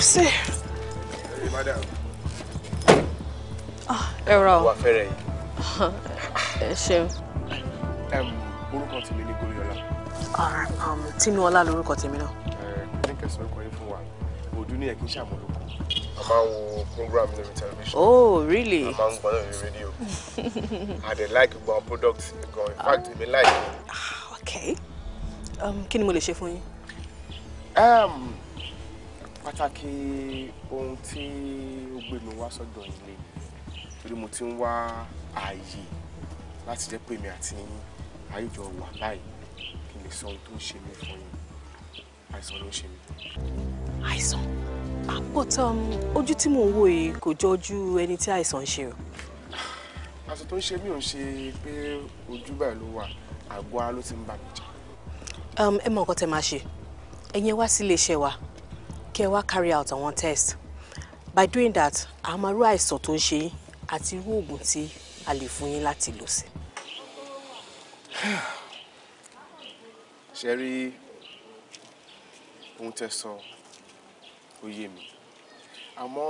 Ọ́fíìsì. Ẹ rà o. Wà fẹ́rẹ̀ yìí. Ẹ ṣeun. Orúkọ tèmi ni Goriola. Ah, um, Tinúọlá lorúkọ tèmi náà. Ní kẹsàn-án orúkọ yìí fún wa, òdú ni ẹ̀kí ṣàmúlò. A máa ń wo program lórí television. Oh, really? A máa ń gbọ́ lórí rédíò. I dey like gbọ́n product gan. In fact, ah. èmi like. Ah, okay. Um, kí ni mo lè ṣe fún yín? pàtàkì ohun tí ó gbé mi wá sọ́dọ̀ ilé torí mo ti ń wá ààyè láti jẹ́ pé mi àti àyíjọ wà báyìí kí n lè sọ ohun tó ń ṣe mí fún yín àìsàn ló ń ṣe mí. àìsàn àpótọ́ ojú tí mò ń wò yìí kò jọ ojú ẹni tí àìsàn ń ṣe o. àṣà tó ń ṣe mí ò ń ṣe pé ojú báyìí ló wà àgọ́ ara ló ti ń bà mí jà. ẹ mọ nǹkan tẹ máa ṣe ẹ̀yin wá sí iléeṣẹ́ wa kẹ́ wá carry out àwọn test by doing that a máa rú àìsàn tó ń ṣe yín àti irú oògùn tí a lè fún yín láti lò sí. ṣe rí ohun tẹ́ sọ ó yé mi àmọ́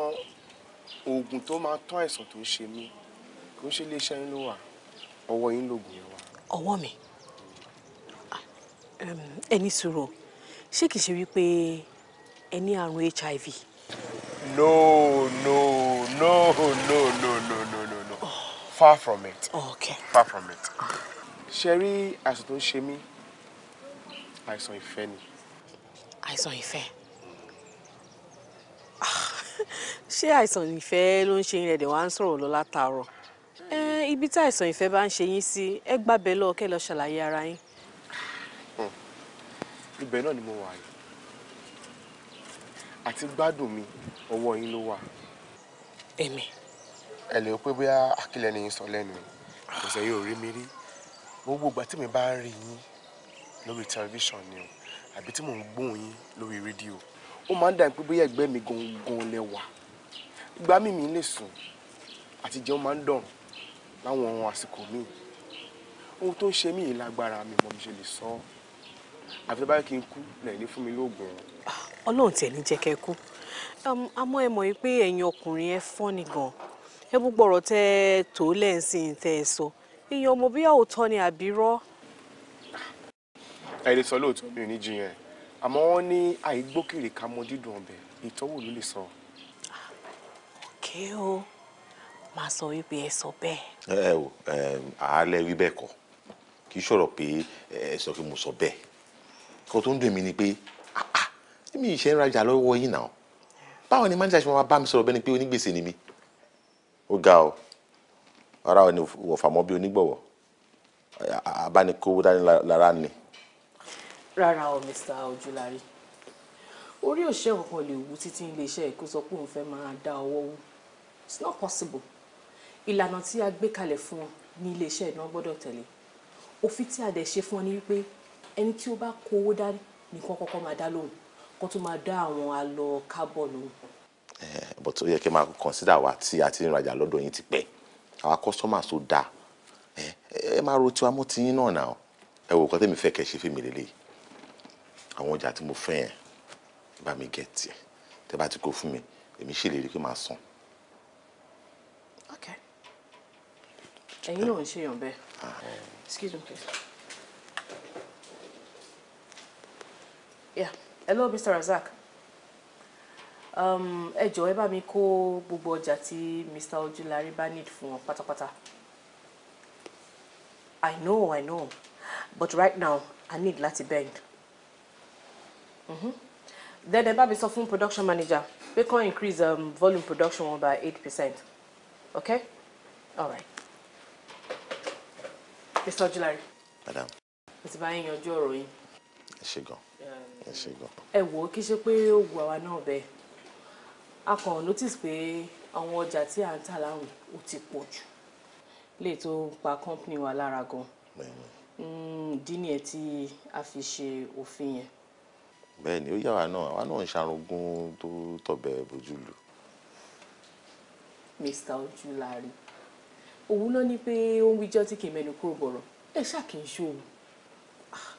oògùn tó máa tán àìsàn tó ń ṣe mí kò ń ṣe iléeṣẹ́ yín ló wà ọwọ́ yín lóògùn yẹn wà. ọwọ́ mi ah, ẹni sùúrù ṣé kìí ṣe wípé ẹ ní àrùn hiv. no no no no no no no no no far from it okay. far from it. ṣe rí àìsàn tó ń ṣe mí àìsàn ìfẹ́ ni. àìsàn ìfẹ́ ṣé àìsàn ìfẹ́ ló ń ṣe yín ẹ̀dẹ̀ wá ń sọ̀rọ̀ lọ látàárọ̀ eh, ibi tí àìsàn ìfẹ́ bá ń ṣe yín sí ẹ gbàbẹ́ lọ kẹ́ lọ ṣàlàyé ara yín. Hmm. ibẹ̀ náà ni mo wà yìí àti gbádùn mi ọwọ́ yín ló wà. èmi. ẹ lè pé bóyá akílẹ̀ ni yín sọ lẹ́nu ọ̀sẹ̀ yóò rí mi rí gbogbo ìgbà tí mi bá ń rí yín lórí tẹlifíṣàn ni o àbí tí mò ń gbóhùn yín lórí rédíò ó máa ń dà pé bóyá ẹgbẹ́ mi gangan lẹ wà ìgbà mi mi lè sùn àti jẹun máa ń dọ̀rùn láwọn ohun àsìkò míì ohun tó ń ṣe mí yìí mi mọ̀ mi ṣe lè sọ àfi báyìí kí n kú lẹ́yìn fún mi lóògùn ọlọ́run tẹ̀ ní jẹ́ kẹ́ kú àmọ́ ẹ mọ̀ pé ẹ̀yin ọkùnrin ẹ fọ́n ni gan ẹ gbogbo ọ̀rọ̀ tẹ́ ẹ tó lẹ́ǹsìn tẹ́ ẹ sọ èèyàn ọmọ bí àwòtọ́ ni àbírọ́. ẹ lè sọ lóòótọ́ mi ò ní jiyàn àmọ́ wọ́n ní àìgbókèrè ká mọ dídùn ọbẹ̀ ìtọ́wò ló lè sọ. òkè o máa sọ wípé ẹ sọ bẹ́ẹ̀. ẹ o àálẹ̀ wí bẹ́ẹ̀ kọ́ kì í sọ̀rọ̀ pé ẹ sọ pé mo sọ bẹ́ẹ̀ kó tó ń dùn mí ni pé ah, ah mi ì ṣe ń rajà lọ́wọ́ yìí náà báwo ni manager ṣe máa bá mi sọ̀rọ̀ bẹ́ni pé onígbèsè ni mi ó ga ọ ara ò ní wọ̀fàmọ́ bí onígbọ̀wọ́ abánikówó dání lára ni. rárá o mr ojúlárí orí òṣìṣẹ́ kankan lè wú títí iléeṣẹ́ èkó sọ pé òun fẹ́ máa dá ọwọ́ wú it's not possible ìlànà tí a gbé kalẹ̀ fún ọ ní iléeṣẹ́ iná gbọ́dọ̀ tẹ̀lé òfin tí a dẹ̀ ṣe fún ọ ni wípé ẹni tí ó bá kówó dání nìkan kọ́kọ́ máa dá lóhùn kó tó máa dá àwọn alọ carbon o. Eh, but ó yẹ kí n máa consider wa tí a ti ń rajà lọ́dọ̀ yín ti pẹ́ àwa customers tó dáa eh, ẹ máa ro tiwa mọ́ tiyín náà náà ẹ wò kọ́tẹ́mi fẹ́ kẹ́ ṣe fèmí lélẹ́yìí àwọn ọjà tí mo fẹ́ yẹn bá mi gẹ̀ tiẹ̀ tẹ́ bá ti kó fún mi èmi ṣèlérí pé màá san. okay ẹ̀yin náà ń ṣèyàn bẹ́ẹ̀ ah, ah. excuse me please. yeah hello Mr. Razak um, ẹ jọ̀ọ́ ẹ bá mi kó gbogbo ọjà tí Mr. Ojulari bá need fún wọn pátápátá I know I know but right now I need láti bend mm-hmm. then ẹ bá mi sọ fún production manager pé kàn increase um, volume production wọn by eight percent okay all right Mr. Ojulari. madam. mo ti bá yín yanjú ọ̀rọ̀ ẹ ṣé gan ẹ ṣe gan. ẹ wò ó kí ṣe pé ó wù àwa náà bẹ́ẹ̀ a kàn notice pé àwọn ọjà tí à ń tà láwìn ó ti pọ̀ jù lè tó pa company wa lára gan hmm, ìdí nìyẹn tí a fi ṣe òfin yẹn. bẹ́ẹ̀ ni ó yà wá náà àwa náà ń ṣarogún tó tọ̀bẹ̀ bójú lù. mr ojúlárí òun náà ní pé ó ń wíjọ́ tí kì í mẹ́nu kúrò bọ̀rọ̀ ẹ ṣáà kì í ṣòwò ah,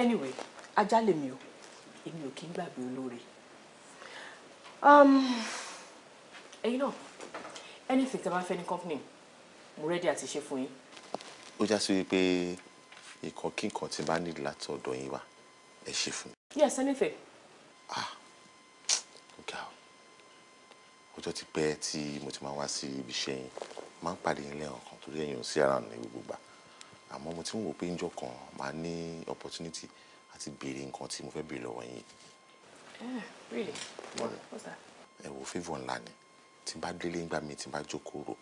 anyway ajá lèmi o èmi ò kí ń gbàgbé olóore um, ẹ̀yin náà anything tí a bá fẹ́ ní company mo ready àti ṣe fún yín. ó já sí wípé nǹkan kí nǹkan tí bá nílò láti ọ̀dọ̀ yín wá ẹ ṣe fún mi. yes anything. ah ọ̀gá o ọjọ́ ti pẹ́ tí mo ti máa wá sí ibi iṣẹ́ yín máa ń pàdé yín lẹ́yìn kan torí ẹ̀yìn ò sí ara ní gbogbo gbà àmọ́ mo ti ń wò pé ńjọ́ kan màá ní opportunity láti béèrè nǹkan tí mo fẹ́ béèrè lọ́wọ́ yín. Eh, really what's that. ẹ wo favour ńlá ni tí n bá délé ńgbà mi tí n bá jókòó rò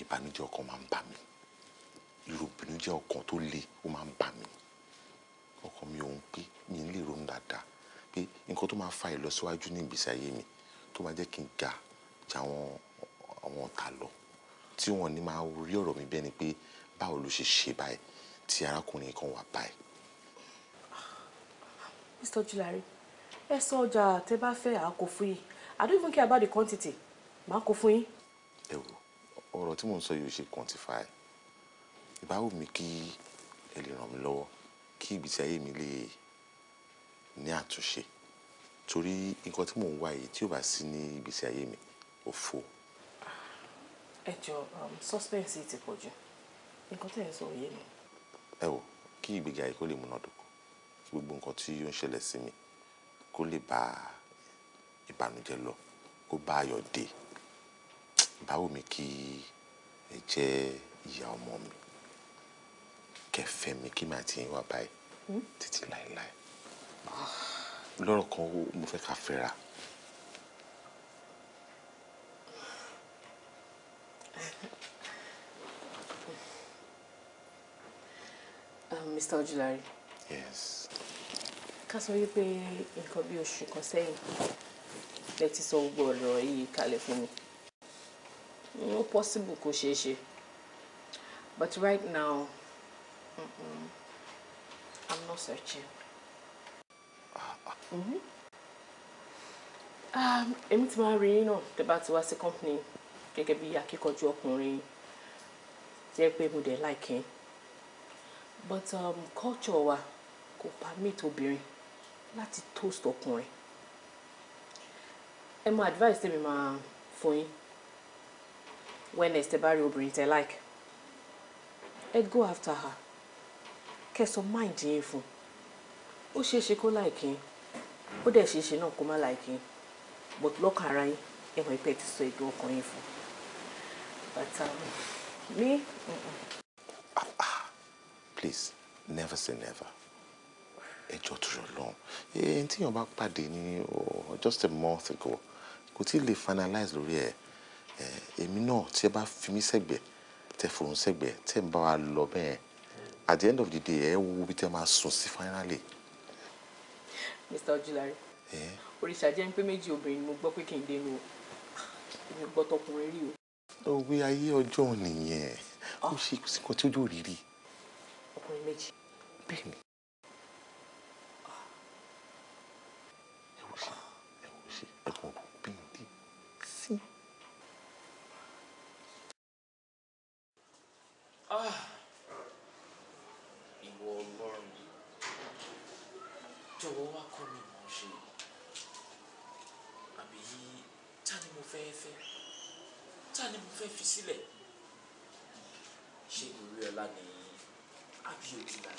ìbànújẹ́ ọkàn máa ń bà mí irú ìbànújẹ́ ọkàn tó le ó máa ń bà mí ọkàn mi òun pé mi ń lè ronú dáadáa pé nǹkan tó máa fa ìlọsíwájú ní ìgbésí ayé mi tó máa jẹ́ kí n ga jà àwọn àwọn ọ̀tá lọ tí wọ́n ní máa rí ọ̀rọ̀ mi bẹ́ẹ̀ ni pé báwo ló ṣe ṣe báyìí tí arákùnrin kan wà báyìí Mr. Ojulari ẹ sọ ọjà tẹ bá fẹ́ àákò fún yìí I don't even care about the quantity màá kó fún yín. ẹ wo ọ̀rọ̀ tí mò ń sọ yìí ò ṣe quantify ìbáwò mi kí ẹ lè ràn mí lọ́wọ́ kí ìgbésí ayé mi lè ní àtúnṣe torí nǹkan tí mò ń wá yìí tí ò bá sí ní ìgbésí ayé mi òfo. ẹ jọ um, suspense ti pọ̀ jù nǹkan tẹ̀ ń sọ òye mi. ẹ wo kí ìgbéga yìí kó lè múná dó gbogbo nǹkan tí ó ń ṣẹlẹ̀ sí mi kó lè bá ìbànújẹ́ lọ kó bá ayọ̀ dé báwo mi kí ẹ jẹ́ ìyá ọmọ mi kẹfẹ́ mi kí màá ti wá báyìí títí láéláé lọ́rọ̀ kan mo fẹ́ ká fẹ́ra. Mr. Um, Ojulari. Yes ká sọ wípé nǹkan bí oṣù kan sẹ́yìn lẹ ti sọ gbogbo ọ̀rọ̀ yìí kalẹ̀ fún mi no possible kò ṣeé ṣe but right now mm-mm, i'm not searching. Ah, ah. Mm-hmm. Um, èmi ti máa rí yín náà tẹ́ bá ti wá sí company gẹ́gẹ́ bí akíkanjú ọkùnrin jẹ́ pé mo dẹ̀ láìkín but um, culture wa kò permit obìnrin láti toast ọkùnrin ẹ mọ advice tèmi máa fún yín wellness tẹ bá rí obìnrin tẹ like ẹ go after her kẹsọ mind yín fún ó ṣeé ṣe kó like yín ó dẹ̀ ṣeé ṣe náà kó má like yín but lọ́kàn ara yín ẹ mọ̀ pé ẹ ti sọ èdè ọkàn yín fún um, Ah, mi. Ah. please never say never ẹjọ́ tó yọ lọ́hùn ẹni tí yàn pàdé ní just a month ago kò tí ì lè finalize lórí ẹ̀ èmi náà tí ẹ bá fi mí sẹ́gbẹ̀ẹ́ tẹ fòun sẹ́gbẹ̀ẹ́ tẹ ń bá wa lọ bẹ́ẹ̀ at the end of the day ẹ wo bí tẹ máa sùn sí finally. Mr. Ojulari òrìṣà jẹ́ pé méjì obìnrin ni mo gbọ́ pé kì í dénú o èmi gbọ́ tọkùnrin rí o. òwe ayé ọjọ́ nìyẹn ó ṣe kó tí ojú òrìrì. ọkùnrin méjì. bẹ́ẹ̀ni Ah. ìwọ ọlọ́run jọ̀wọ́ wá kọ́ mi mọ̀ ṣe àbí ta ni mo fẹ́ fẹ́ ta ni mo fẹ́ fi sílẹ̀ ṣé ìrírí ọlá ni àbí òdìlà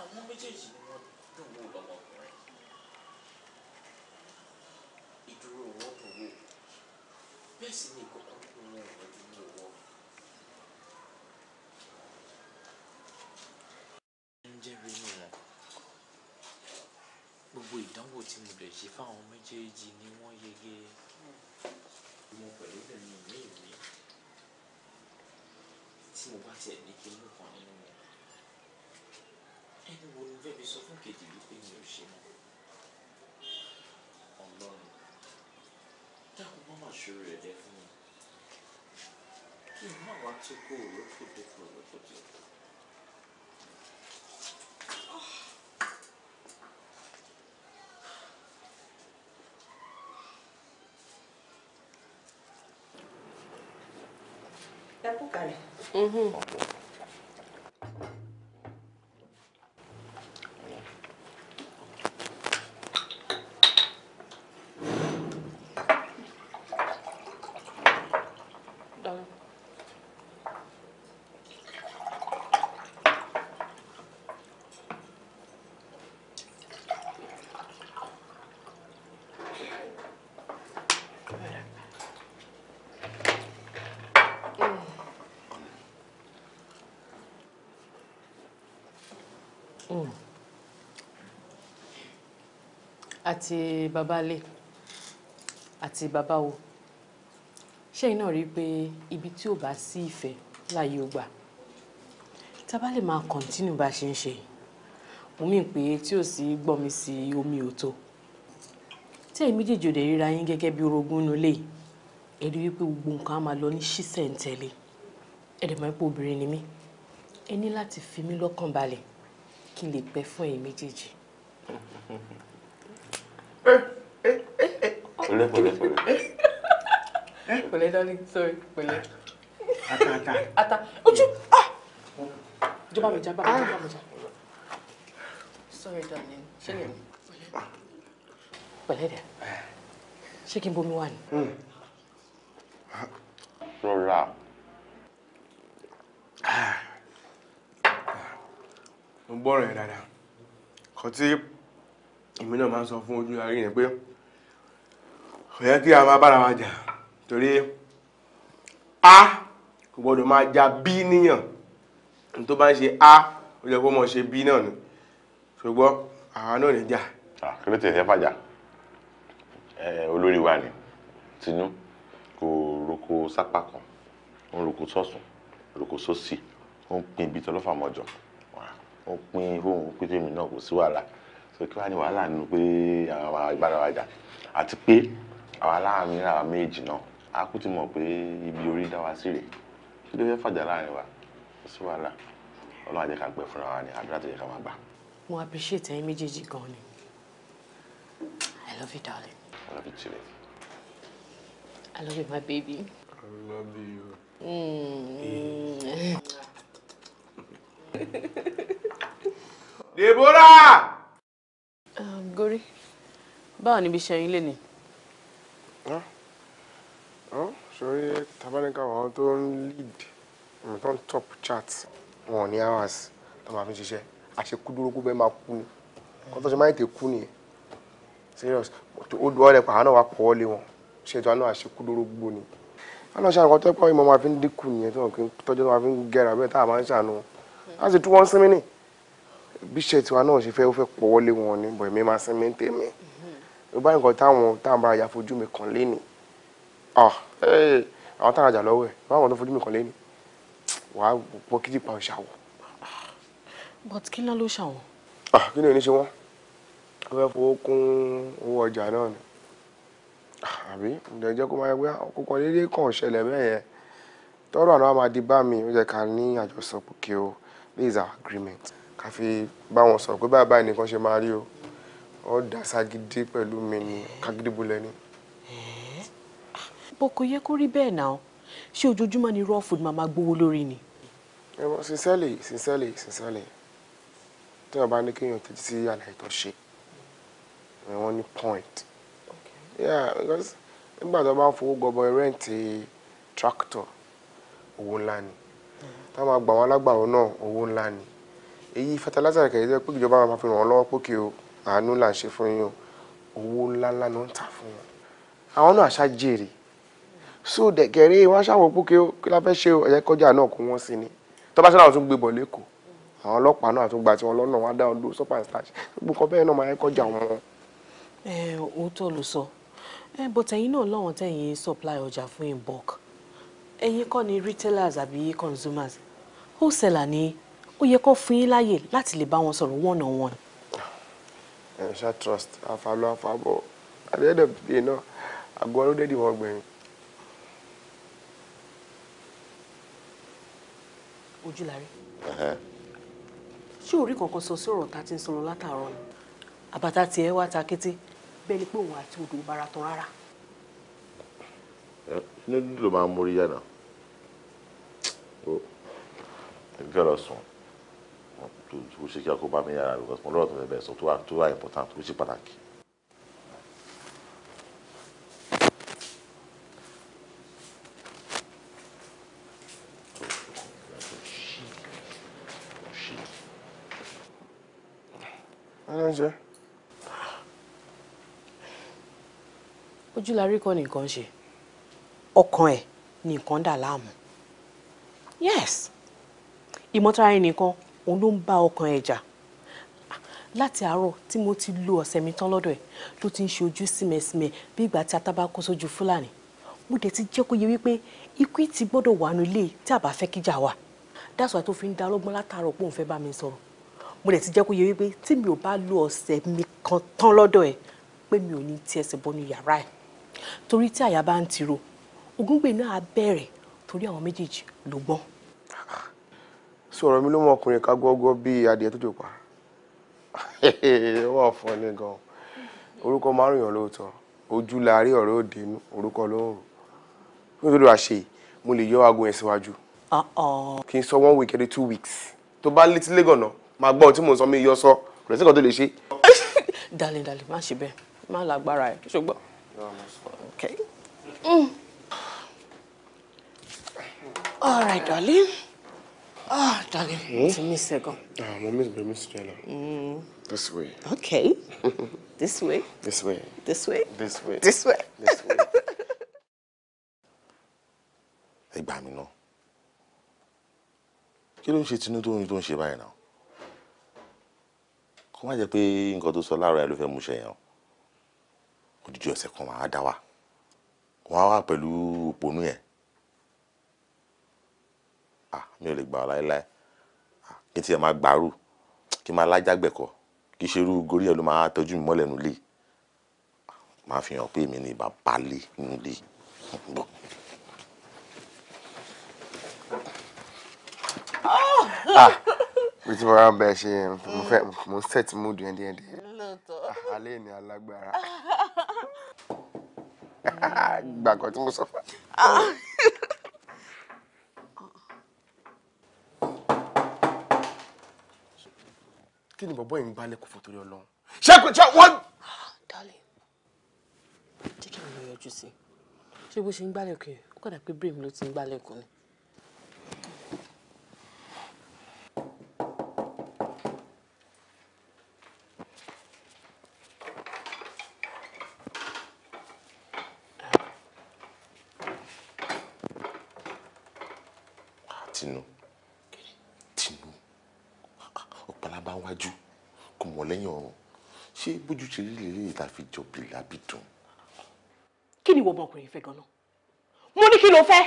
àwọn méjèèjì ni wọ́n dùn wò lọ́mọkùnrin ìdúró wọn dùn wò bẹ́ẹ̀ sì ni ìkọ̀kọ̀ kún wọn ò àdánwò tí mo dẹ̀ fáwọn méjèèjì ni wọ́n yege mo pẹ̀lú bẹ̀rẹ̀ mi mi tí mo bá tiẹ̀ ní kí n mú kan nínú wọn ẹni wo ni bẹ́ẹ̀ mi sọ fún kejì wípé mi ò ṣe mọ́ ọlọ́run dákun má má ṣòro rẹ̀ dẹ́ fún mi kí n má wá tó kó òrókòtò kó òrókòtò. Mm-hmm. àti babalé àti babawo ṣẹ́yìn náà rí i pé ibi tí ò bá sí ìfẹ́ láyé ó gbà tá a bá lè máa kọ̀ntínú bá a ṣe ń ṣe mo mí pé tí ò sí gbọ́mi sí omi ò tó tí èyí méjèèjì ò ríra yín gẹ́gẹ́ bí orogún inú ilé ẹ̀rí wípé gbogbo nǹkan á máa lọ ní ṣísẹ̀ǹtẹ̀lé ẹ̀dẹ̀ máa pé obìnrin ni mí ẹ ní láti fi mí lọ́kàn balẹ̀ kí n lè pẹ́ fún ẹ̀yin méjèèjì boleh boleh eh boleh darling sorry boleh. Ah. ata ata. ata ojú ah jumpa mi ja bàbá jọba mi ah. sorry darling ṣé boleh mi. Mm. pẹ̀lẹ́ dẹ̀ ṣé kí n bomi wá ni. Mm. rọra. Ah. mo gbọ́ ọ̀rọ̀ yẹn dáadáa kò tí èmi náà máa ń sọ fún ojú ara yìí pé kò yẹ kí a máa bára wa jà torí a kò gbọdọ̀ máa ja b níyàn tó bá ń ṣe a ó yẹ kó mọ̀ ṣe b náà ni ṣùgbọ́n àwa náà lè jà. kí ló tẹ̀ ẹ́ fàjà olórí wa ni tinú kò roko sápá kan ó ń roko sọ́sùn roko sósì ó ń pín ibi tọlọ́fà mọ́jọ ó pín ohun ó pín tèmi náà kò sí wàhálà kí wàá ní wàhálà nínú pé àwọn ìbára wa jà àti pé àwa láàrin àwa méjì náà a kú ti mọ̀ pé ibi orí dá wa sí rèé kí ló fẹ́ fàjà láàrin wa sí wàhálà ọlọ́run àjẹká gbẹ fúnra wa ni àdúrà tó yẹ ká máa gbà. mo appreciate ẹ̀yin méjèèjì gan ni i love you darling. i love you too. i love you my baby. i love you. Mm. Yeah. Um, Gori, báwo ni ibi ṣe yín lé ni? sori tabanika wọn tó ń lead tó ń top chart wọn ní hours tó máa fi ṣiṣẹ́ àṣekúdúrókú bẹ́ẹ̀ máa kú ni kọ́tọ́ ṣe máa ń tè kú nìyẹn serious ó du ọ́lẹ̀ pàhánà wa pọ̀ ọ́lẹ̀ wọn ṣètò àná àṣekúdúrógbó ni wọn lọ ṣàǹkan tẹ́pọ̀ ìmọ̀ máa fi ń dínkù nìyẹn tó kí n tọ́jú tó máa fi ń gẹ̀rà bẹ́ẹ̀ tá a máa ń ṣàánú láti tú wọn sinmi ni bí se àná o fẹ́ ó fẹ́ pọ̀ ọ́lẹ̀ wọn ni bọ̀ èmi máa sinmi ń tèmi ó bá nǹkan táwọn táwọn bára ya fojú mi kàn lé ni eh, àwọn táwọn àjà lọ́wọ́ ẹ̀ báwọn tó fojú mi kàn lé ni wàá pọ́ kí tipa ò ṣàwọ̀. but kí ńlá ló ṣàwọ̀. kí ni ò ní ṣe wọ́n ó fẹ́ fowó kún owó ọjà náà ni àbí ǹjẹ́ jẹ́ kó máa wá kókó déédéé kàn ṣẹlẹ̀ bẹ́ẹ̀ yẹn tọ́rọ̀ àná máa di bá mi ó jẹ́ ká ní àjọsọ pòkè o this is our agreement ká fi bá wọn sọ pé báyìí báyìí nìkan ṣe máa rí o ọ dà ságídé pẹ̀lú mi ni kágídé bolẹ̀ ni. bó kò yẹ kó rí bẹ́ẹ̀ náà ṣé ojoojúmọ́ ni raw food màmá gbowó lórí ni. ẹ wọ sincerely sincerely sincerely tí wọn bá ní kéèyàn tẹ́tí sí àlàyé tó ṣe wọn ní point. yeah because nígbà tó bá ń fowó gọbọ rẹ́ǹtì tractor owó ńlá ni táwọn àgbà wọn alágbàwọ náà owó ńlá ni èyí fertilizer kẹ̀kẹ́ pé ìjọba máa fi ràn wọ́n lọ́wọ́ pókè o àánú là ń ṣe fún yín owó ńláńlá ló ń tà fún wọn àwọn náà ṣá jèrè so dẹ̀kẹ̀rẹ́ wọn ṣàwọ̀ pókè ó kí la fẹ́ ṣe ẹ̀yẹ kọjá náà kó wọ́n sí ni tọ́ba ṣáà náà tún gbé bọ̀ lẹ́kọ̀ọ́ àwọn ọlọ́pàá náà tún gba tiwọn lọ́nà wọn á dá wọn dúró sọ́pà ìsìláṣẹ́ gbogbo nǹkan bẹ́ẹ̀ náà máa ń kọjá wọn. ẹ òótọ́ ló sọ ẹ bọ́tẹ̀yìn náà lọ́wọ́n tẹ̀yìn supply ọjà fún in bulk ẹ̀yin kọ́ ni retailers àbí consumers wholesaler ni ó yẹ kó fún yín láàyè láti lè bá wọn sọ̀rọ̀ one on one ẹ̀ ṣá trust àfàlọ́ àfàbọ̀ at the end of the day náà àgọ́ ọlọ́dẹ́dì wọ́n gbẹ̀yìn. ojúlárí ṣé orí kankan sọ sí ọ̀rọ̀ tá a ti ń sọnù látàárọ̀ ni àbàtà tiẹ̀ wá ta kété bẹ́ẹ̀ ni pé òun àti odò ìbára tán rárá. ní ló máa ń mórí yànnà ó ìfẹ́ lọ sùn tó tó ṣe kí ọkọ bá mi yára because mo lọ́rọ̀ tó fẹ́ bẹ́ẹ̀ sọ tó wà tó wà important tó ṣe pàtàkì. oúnjẹ. ojúlarí kan nìkan ṣe ọkàn ẹ̀ nìkan dà láàmú yes ìmọ̀tara ẹnìkan òun ló ń bá ọkàn ẹ̀ jà láti àárọ̀ tí mo ti lo ọ̀sẹ̀ mi tán lọ́dọ̀ ẹ̀ ló ti ń ṣe ojú símẹ̀símẹ̀ bí ìgbà tí ata bá kó sójú fúlàní mo dẹ̀ ti jẹ́ kó yẹ wípé ikú ti gbọ́dọ̀ wà nù ilé tí a bá fẹ́ kíjà wà dáṣọ àti òfin dá lọ́gbọ́n látàárọ̀ pé òun fẹ́ bá mi sọ̀rọ̀ mo dẹ̀ ti jẹ́ kó yẹ wípé tí mi ò bá lo ọ̀sẹ̀ mi kan tán lọ́dọ̀ ẹ̀ pé mi ò ní ti ẹsẹ̀ bọ́nu yàrá ẹ̀ torí tí àyà bá ń tiro ògúngbè náà á torí àwọn méjèèjì ló sọ̀rọ̀ mi ló mọ ọkùnrin ká gọ́gọ́ bíi adìẹ tó jò pa wọ́n fọ́ ní gan orúkọ márùn lóòótọ́ ojú láàárín ọ̀rẹ́ òde inú orúkọ lóòrùn nítorí àṣe mo lè yọ aago yẹn síwájú kí n sọ one week every two weeks tó bá létí lẹ́gànnà máa gbọ́ tí mò ń sọ mi yọ sọ rẹ̀ sí kan tó lè ṣe. dalẹ̀ dalẹ̀ má ṣe bẹ́ẹ̀ má lágbára ẹ̀ ṣùgbọ́n. Mm. All right, darling. Ah, darling, hmm? to a Ego. Ah, uh, my miss be miss Jella. Mm. This way. Okay. this way. This way. This way. This way. This way. This way. Hey, gbà mí ná. Kí ló ń ṣe tinú tó ń tó ń ṣe báyìí náà? Kó má jẹ́ pé nǹkan tó sọ láàárọ̀ ẹ ló fẹ́ mú ṣe yẹn o. Odidi ọ̀sẹ̀ kan wàá dá wa. Wàá wà pẹ̀lú òpònú yẹn mi ò lè gbà ọ́ láéláé kí n tiẹ̀ máa gbàrú kí n máa lájàgbẹ̀kọ kí ṣerú gorí ẹ̀ ló máa tọ́jú mi mọ́lẹ̀ nulẹ̀ máa fi hàn pé èmi ni bàbá lé nulẹ̀ bọ̀. bí tí mo rán bẹ́ẹ̀ ṣe mo fẹ́ mo ń set mood yẹn díẹ̀ díẹ̀ alẹ́ ni alágbára gbàgbọ́ tí mo sọ fún mi. kí ni bọ̀bọ̀ yìí ń gbálẹ̀ kò fò torí ọlọ́run ṣé kò ṣe wọ́n. Ah, darling jẹ́ kí n lọ yọjú sí i ṣé bó ṣe ń gbálẹ̀ kù yẹn ó kàdà pé brain ló ti ń gbálẹ̀ ni. ṣe rí lélẹ́yìí tá a fi jọ bìlà bí dùn. kí ni ìwọ ọmọkùnrin fẹ́ ganan mo ní kí ló fẹ́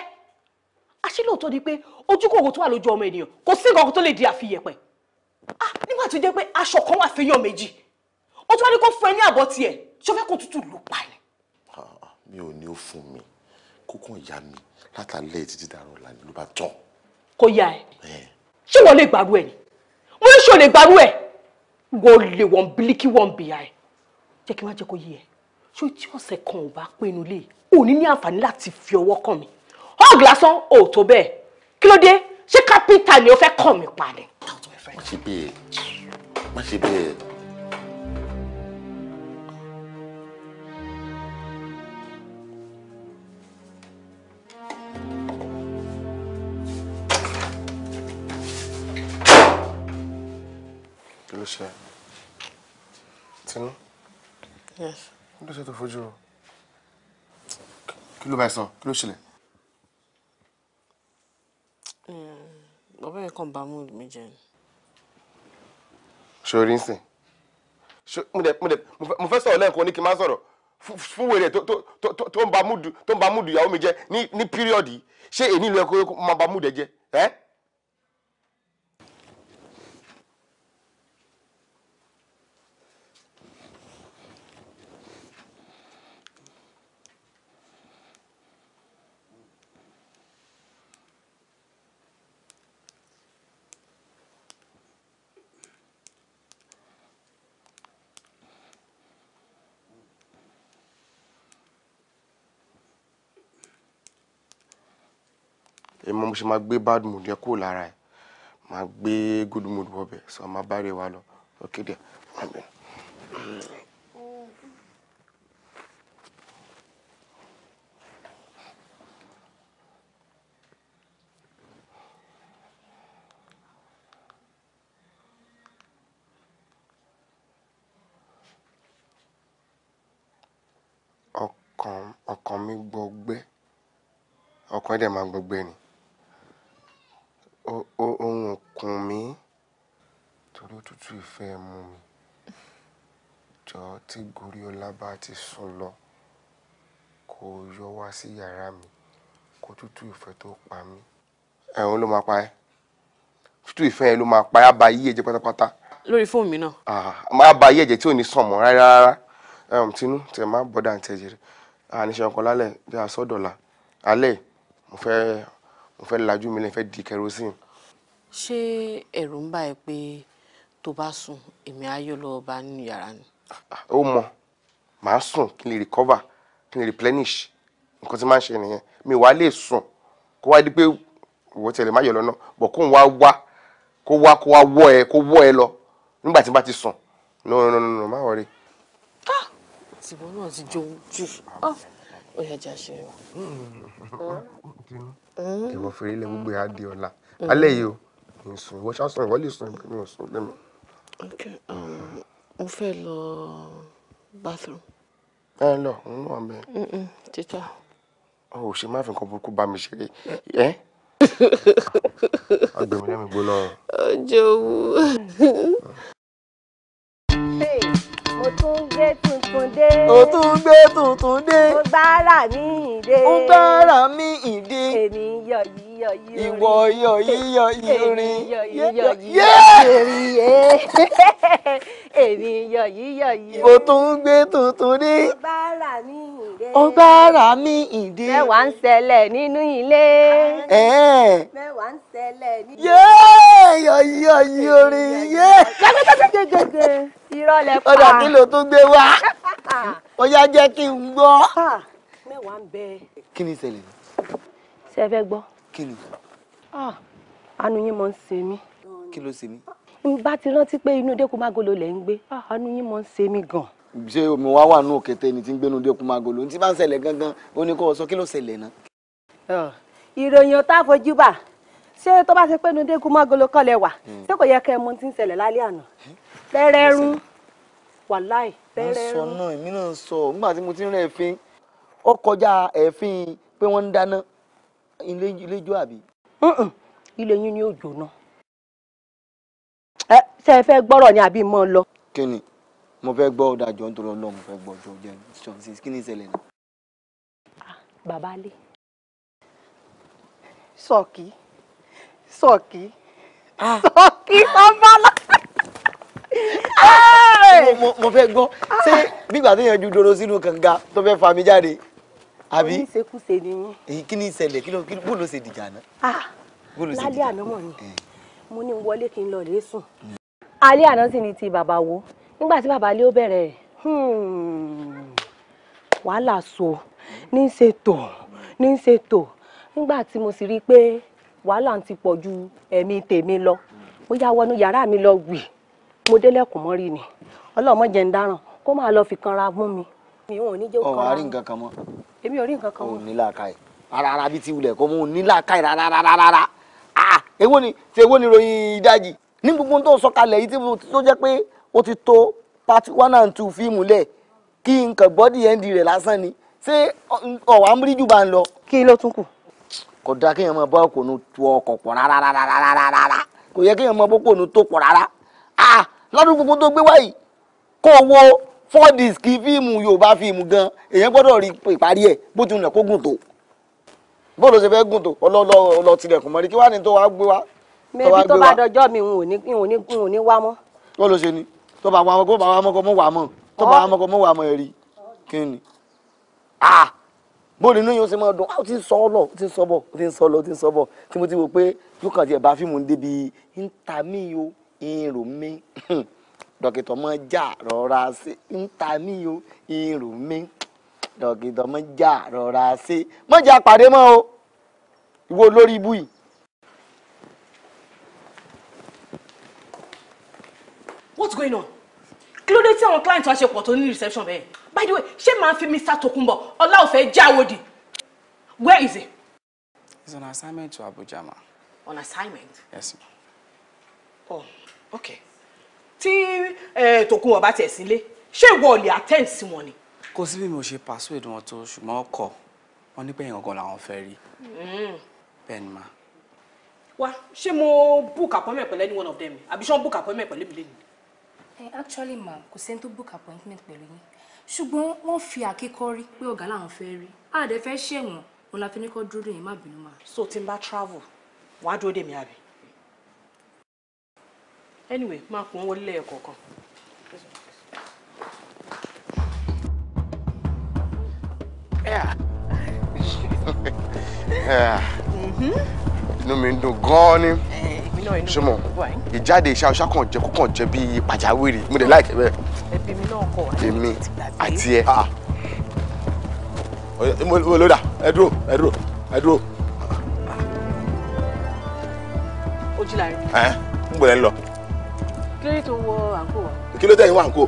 àṣìlóòótọ́ ni pé ojú kòkò tó wà lójú ọmọ ènìyàn kò sí nǹkan tó lè di àfiyẹ̀pẹ̀ ah nígbà tó jẹ́ pé aṣọ kan wà fẹ́yàn méjì ó tún wá ní kó fún ẹ ní àbọ̀ tiẹ̀ ṣé ó fẹ́ kó tútù ló pa ni. mi ò ní ó fún mi kókó ìyá mi látàlẹ́ títí dàrọ́ ọ̀la ni ló bá tán. kò yá ẹ ṣé wọn lè gbàrú ẹ ni mo ní ṣé o lè gbàrú ẹ wọn lè wọn bílíkì wọn bìyà ẹ jẹ́ kí n má jẹ́ kó yé ẹ ṣó tí ọ̀sẹ̀ kan ò bá pinnu lé ò ní ní àǹfààní láti fi ọwọ́ kàn mí hug lásán ò tó bẹ́ẹ̀ kí ló dé ṣé kápẹ́ńtà ni ó fẹ́ kàn mí pa ni. má ṣe bẹ́ẹ̀ má ṣe bẹ́ẹ̀. kí Yes. Kí ló ṣe tó fojú o? Kí ló bá ẹ sọ? Kí ló ṣẹlẹ̀? Bàbá yẹn kàn bá mood mi jẹ ni. Ṣé orí ń sìn? Mo fẹ́ sọ̀rọ̀ lẹ́ẹ̀kan ní kí n má sọ̀rọ̀ fún wèrè tó ń ba mood ìyàwó mi jẹ́ ní píríọ̀dì ṣé èyí nílò ẹ kó máa ba mood ẹ jẹ? mo ṣe máa gbé bad mood yẹn kúrò lára ẹ̀ máa gbé good mood wọbẹ̀ sọ máa bá rè wa lọ ok díẹ̀ máa bẹ̀rẹ̀. ọkàn ọkàn mi gbọgbẹ́ ọkàn ẹ̀ dẹ̀ máa gbọgbẹ́ ni. sì fẹ́ mú mi jọ tí Goriola bá ti sùn lọ kó yọ wá sí yàrá mi kó tútù ìfẹ́ tó pa mí. ẹ̀hún ló máa pa ẹ́ tútù ìfẹ́ yẹn ló máa pa ẹ́ á ba yí ẹ̀jẹ̀ pátápátá. lórí fóònù mi náà. Ah, á ba yí ẹ̀jẹ̀ tí ò ní sàn mọ́ rárá rárá tinú tẹ̀ má bọ́dà ń tẹ̀ jẹrẹ àníṣe ọkọ lálẹ́ bí a sọ́dọ̀la alẹ́ mo fẹ́ mo fẹ́ lajú mi lẹ́yìn fẹ́ di kerosene. ṣé ẹ̀rù ń bá ẹ pé tó bá sùn èmi ayọ̀ lọ́wọ́ bá nínú yàrá ni. Ah, ah, ó mọ màá sùn kí n lè recover kí n lè replenish nǹkan tí máa ń ṣe nìyẹn mi wàá lè sùn kó wá di pé ìwọ tẹ̀lé má yọ lọ́nà bọ̀ kó n wá wá kó wá kó wá wọ́ ẹ kó wọ́ ẹ lọ nígbà tí n bá ti sùn no no no no má wọrí. Ah! tìbọn náà ti jó jù ó yẹ jà ṣe wa. ìwọ fèrè ilé gbogbo ẹ̀ ọ̀la mm. alẹ́ yìí o ìwọ ṣáà ìwọ lè sùn ìwọ lè sùn lẹ́nu. Okay, um, mo fẹ́ lọ bathroom. Ẹ lọ, òun náà bẹ. Títà. O ò ṣe má fi nǹkan burúkú bá mi ṣeré. Ẹ́ agbèmí lẹ́mi gbóná. Ọjọ́ wo. Mo tún gbé tuntun dé. Mo tún gbé tuntun dé. Mo gbára mi ìdè. Mo gbára mi ìdè. Ènìyàn yìí ìwọ iyọ̀ yíyọ̀ irin yé èmi iyọ̀ yíyọ̀ yíyọ̀. mo tún ń gbé tuntun ní. ọba ara mi ìdí. mẹ́wàá ń ṣẹlẹ̀ nínú ilé. mẹ́wàá ń ṣẹlẹ̀ nínú ilé. yé iyọ̀ yíyọ̀ irin yé. gẹgẹgẹgẹgẹ ìrọ̀lẹ́ pa. ọ̀dà kí ló tún gbé wá. ó yá jẹ́ kí n gbọ́. Ah! mẹ́wàá ń bẹ. kí ni ìṣẹ̀lẹ̀. ṣe fẹ́ gbọ́ kí ah, àánú yín mọ̀ ń ṣe mí. kí ló ṣe mí. n bá ti rántí pé inú dẹ́kunmágolo lẹ̀ ń gbé àánú ah, yín mọ̀ ń ṣe mí gan. ṣé omi wa wà nù kété ni tí ń gbénu dẹ́kunmágolo ní tí bá ń ṣẹlẹ̀ gangan ó ní kó o sọ kí ló ṣẹlẹ̀ náà. Ah, ìròyìn ọ̀tá àfojúbà ṣé tó bá ṣe pé inú dẹ́kunmágolo kọ́ lẹ wà hmm. ṣé kò yẹ kẹ́ ẹ mọ̀ tí ń ṣẹlẹ̀ lálẹ́ àná pẹ́rẹ́rún wàláì pẹ́rẹ́rún. mo sọ náà èmi náà sọ ilé iléjọ́ àbí. ilé yín ni ó jóná ẹ ṣe é fẹ́ gbọ́rọ̀ ni àbí mọ́ ọ lọ. kí ni mo fẹ́ gbọ́ ọ̀dà jọ nítorí ọlọ́run mo fẹ́ gbọ́ ọjọ́ jẹ́ john six kí ni ìṣẹ̀lẹ̀ náà. Ah, bàbá lé sọ̀kì sọ̀kì ah. sọ̀kì sọ̀bọ́lá. Ah! mo fẹ́ gbọ́ ṣé bí ìgbà tó yẹn ju doro sínú kànga tó fẹ́ fa mi jáde àbí oníṣekúṣe ni yín. èyí kí ni ìṣẹ̀lẹ̀ kí ló kí bó ló ṣe dìjà náà. ah lálẹ́ àná mọ̀ ni eh. mo ní wọlé kí n lọ rèé sùn. alẹ́ àná sì ni ti bàbá wo nígbà tí bàbá lé ó bẹ̀rẹ̀ hmm, wàhálà so ní í ṣe tò ní í ṣe tò nígbà tí mo sì rí i pé wàhálà ń ti pọ̀ ju ẹ̀mí tèmi lọ mo yá wọnú yàrá mi lọ wì mo délẹ̀kùn mọ́rí ni ọlọ́mọ jẹ́ ń dáràn kó máa lọ fi kanra mú mi. mi ò ní jẹ́ kanra. ọ̀hún àárín nǹkan kan mọ́ èmi ò rí nǹkan kan. o ní làákàyè ara ara bíi ti wulẹ̀ kó mú un ní làákàyè rárá rárá rárá ah èwo ni ti èwo ni ròyìn ìdajì ní gbogbo tó sọ kalẹ̀ yìí tó jẹ́ pé ó ti tó part one and two fíìmù lẹ̀ kí nǹkan bọ́dì ẹ̀ǹdì rẹ̀ lásán ni ṣé ọ̀wá ń rí jù bá ń lọ. kí ló tún kù. kò dáa kéèyàn máa bá òkòònù tu ọkọ̀ pọ̀ rárá rárá rárá rárá kò yẹ kéèyàn máa bó òkòònù tó pọ̀ rárá ah lọ́dún gbogbo tó gbé wáyìí kó o wo four disc fíìmù yorùbá fíìmù gan èèyàn gbọ́dọ̀ rí ìparí ẹ̀ bó ti ń lọ kó gùn tó bó ló ṣe fẹ́ gùn tó ọlọ́ọ̀lọ́ ọlọ́ọ̀ tilẹ̀kùn mọ́rí kí wàá ní tó wàá gbé wá. mẹ́bí tó bá dọjọ́ mi n ò ní n ò ní n ò ní wá mọ́. ó ló ṣe ni tó bá wà kó bá wà mọ́kọ́ mọ́ wà mọ́ tó bá wà mọ́kọ́ mọ́ wà mọ́ ẹ̀rí kí ni. bó nínú yóò ṣe máa dùn ó ti sọ lọ ó ti sọ bọ ó ti sọ lọ ó ti sọ bọ tí mo ti wò pé yóò kàn ti ẹ̀ bá fíìmù débi ń ta mí o ìrò mi dókítà ọmọ jà rọra ṣe ń ta o irun mi dókítà ọmọ jà rọra ṣe mọ̀jà pàdé mọ́ o ìwọ lórí ibú yìí. what's going on kí ló dé tí àwọn client wa ṣe pọ̀ tó ní reception bẹ́ẹ̀ by the way ṣé màá fi Mr. Tokunbo Ọláòfẹ́ jáwòdì where is he. he's on assignment to Abuja ma. on assignment. yes ma. oh okay tí tòkunbọ̀ bá tẹ̀ sílé ṣé ìwọ ò attend sí wọn ni. kò sí bí mo ṣe persuade wọn tó ṣùgbọ́n ó kọ̀ wọ́n ní pé èèyàn gan làwọn fẹ́ rí hmm. bẹ́ẹ̀ ni mà. wá ṣé mo book appointment pẹ̀lú any one of them àbí ṣé book appointment pẹ̀lú mi lẹ́nu. Eh, actually ma kò sẹ́ni tó book appointment pẹ̀lú yín ṣùgbọ́n wọ́n fi àkíkọ́ rí pé ọ̀gá làwọn fẹ́ rí àdẹ fẹ́ ṣẹ̀wọ̀n òun la fi ní kọ́ dúró dè yín má bínú so tí n travel wàá dúró dè mí àbí anyway máa kún wọlé lẹ́ẹ̀kọ̀ọ̀kan. inú mi ń dùn gan-an ni sọmọ ìjáde ìṣàwọṣà kan jẹ kókàn jẹ bíi pàjáwìrì mo dé láìpẹ́ bẹ́ẹ̀. ẹbí mi náà kọ èmi àti ẹ. Ah. mo ló dà ẹ dúró ẹ dúró ẹ dúró. ojú la rí. ń bọ̀ ń lọ kí ló dé tó wa. kí ló dé yín wọ àǹkó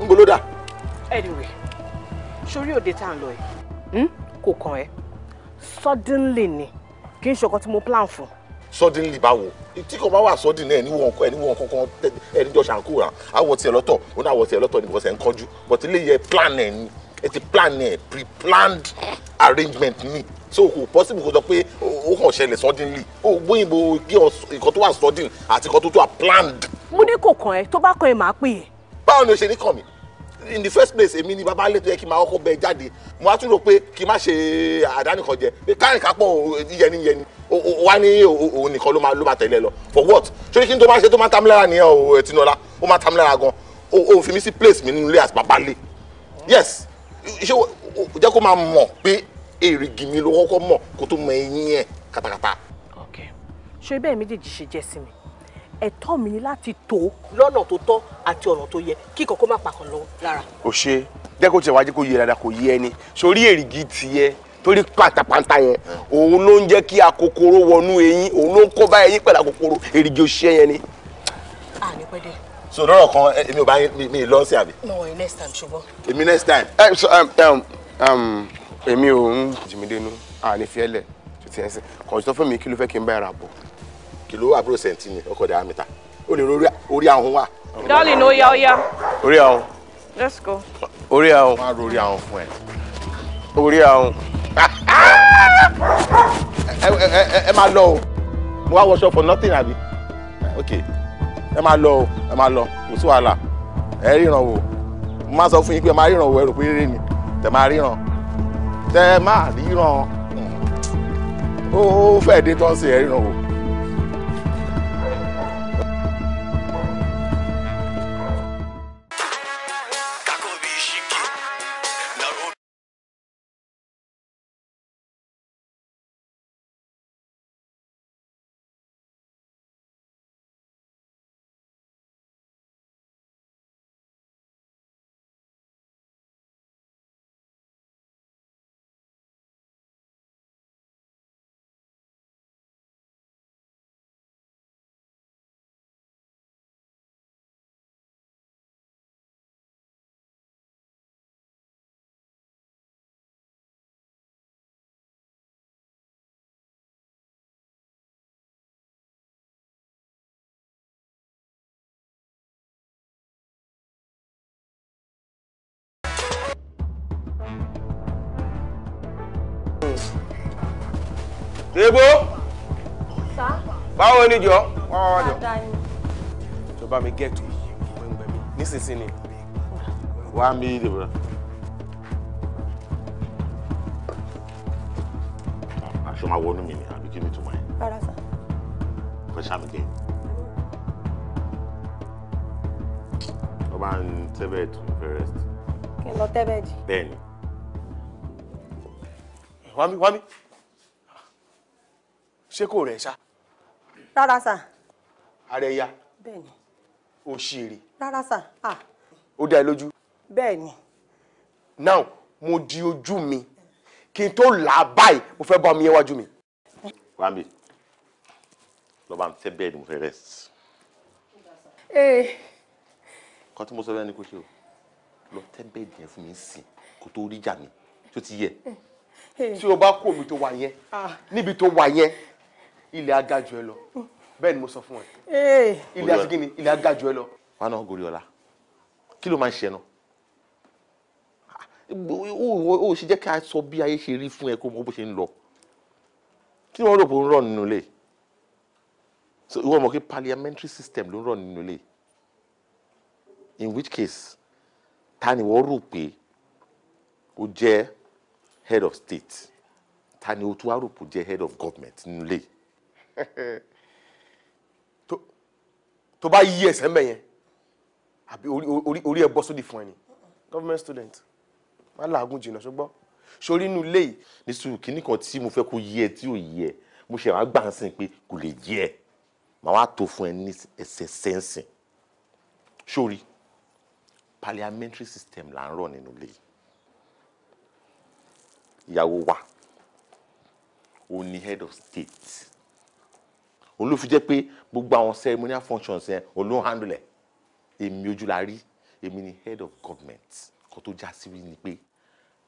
ń bolo dà. anyway sórí òde tá à ń lọ yìí hmm? kò kàn ẹ́ suddenly ni kì í ṣọkan mo plan fún. suddenly báwo tí kò bá wà suddenly ẹ níwọ̀n ẹ níwọ̀n kankan ẹ níjọ ṣàǹkó ra àwọ̀ tiẹ̀ lọ́tọ̀ ó ní àwọ̀ tiẹ̀ lọ́tọ̀ ní bọ́sẹ̀ ń kọjú but ilé yẹ plan ẹ ni ẹ ti plan ẹ pre-planned arrangement ni so kò possible kó sọ pé ó kàn ṣẹlẹ̀ suddenly ó gbóyìnbó kí nǹkan tó wà sudden àti nǹkan tó tó wà planned. mo ní kò kàn ẹ tó bá kàn ẹ máa pè é. báwo ni o ṣe ní kàn mí in the first place èmi ni bàbá ilé tó yẹ kí n máa kọ́kọ́ bẹ jáde mo á tún rò pé kí n má ṣe àdánìkan jẹ pé káyìn kápọ̀ yẹniyẹni wá ní òun nìkan ló máa tẹ̀lé lọ for what ṣé kí n tó máa ṣe tó máa ta mí lára nìyẹn o Tinúọlá ó máa ta mí lára gan o fi mí sí place mi nínú ilé àti bàbá ilé yes ṣé jẹ́ kó máa mọ̀ pé èrìgì mi ló kọ́kọ́ mọ̀ kó tó mọ eyín ẹ̀ kàtàkàtà. ok ṣé bẹ́ẹ̀ méjèèjì ṣe jẹ́ sí mi ẹ̀tọ́ mi ni láti tó lọ́nà tó tọ́ àti ọ̀nà tó yẹ kí kọ̀ọ̀kan má pàkan lọ lára. ò ṣe jẹ́ kó tiẹ̀ wá jẹ́ kó yẹ e dáadáa kò yẹ ẹni sórí èrìgì tiẹ̀ torí pàtàpàtà yẹn òun ló ń jẹ́ kí akokoro wọnú eyín òun ló ń kó bá eyín pẹ̀lú akokoro èrìgì òṣìṣẹ́ yẹn ni. a ní pẹ́ dé. so lọ́rọ̀ kan èmi ò bá mi lọ sí àbí. no worry next time ṣùgbọ́n. èmi next time. Eh, um, um, um, èmi ò ń jìmídénú àní tiẹ̀ sí kàn sọ fún mi kí ló fẹ́ kí n bá ẹ̀rà bọ̀. kìló àbúrò sẹ̀ǹtì ni ọkọ̀ dàá mẹ́ta ó lè rí orí ahun wa. darling ó yá ó yá. orí ahun. let's go. orí ahun. wọ́n á ro orí ahun fún ẹ. orí ahun. ẹ máa lọ o mo wá wọṣọ for nothing àbí ok ẹ máa lọ o ẹ máa lọ kò sí wàhálà ẹ ríran wò mo máa sọ fún yín pé ẹ máa ríran wò ẹ rò pé rere ni tẹ máa ríran tẹ máa ríran ó fẹ́ẹ̀ dé tó ń ṣe ẹ̀ríran Tebo. Sá. Báwo ni jọ? Wá wá wá jọ. Jọ bá mi gẹ̀tù gbẹ̀ngbẹ̀ mi nísinsìnyí. Wá mi yí dèbò rẹ̀. Aṣọ máa wọnú mi ni àbí kí ni tuma yẹn? Rárá sá. Fẹ́ sàmì kẹ́yìn. Ọba ń tẹ́bẹ̀ẹ́tì fẹ́rẹ́sì. Kí n lọ tẹ́bẹ̀ẹ́jì? Bẹ́ẹ̀ni wámi wámi ṣé kò rẹ̀ ṣá. rárá sà. ara ẹ̀yà. bẹ́ẹ̀ni. o ṣì èrè. rárá sà. ó dá ẹ lójú. bẹ́ẹ̀ni. now mo di ojú mi kí n tó là á báyìí mo fẹ́ bá omi yẹn wájú mi. wámi lọ́ba ń fẹ́ bẹ́ẹ̀ ni mo fẹ́ rest. ee. Eh. kan tí mo sọ bẹ́ẹ̀ ni kò ṣe o lọ tẹ́ bẹ́ẹ̀ yẹn fún mi sìn kó tó rí jà mí tó ti yẹ. Eh tí o bá kú omi tó wà yẹn ah. níbi tó wà yẹn ilẹ̀ agajù ẹ lọ bẹ́ẹ̀ ni mo sọ fún ẹ ilẹ̀ asigini ilẹ̀ agajù ẹ lọ. wọn náà Goriola kí ló máa ń ṣe ẹnu ah, o ṣe jẹ́ ká sọ bí ayé ṣe rí fún ẹ kó mọ bó ṣe ń lọ kí wọ́n rò pé ó ń rọ̀ nínú ilé so ìwọ mọ̀ pé parliamentary system ló ń rọ̀ nínú ilé in which case ta ni wọ́n rò pé ó jẹ́ head of state tani ni otu arúgbó jẹ́ head of government nílé To bá yí ẹsẹ̀ mbẹ̀ yẹn àbí orí ẹ bọ́ sódì fún ẹ ni government student má làágùn jìnnà ṣùgbọ́n sórí inú ilé yìí ní sùúrù kínní kan tí mo fẹ́ kó yí ẹ tí ò yí ẹ mo ṣe wàá gbà ń sìn pé kò lè yí ẹ màá wá tó fún ẹ ní ẹsẹ̀ sẹ́ǹsìn sórí parliamentary system là ń rọ̀ nínú ilé yìí ìyàwó wa òun ni head of state òun ló fi jẹ́ pé gbogbo àwọn ceremonial functions yẹn òun handle ẹ̀ èmi ojú la èmi ni head of government kan tó já sí ni pé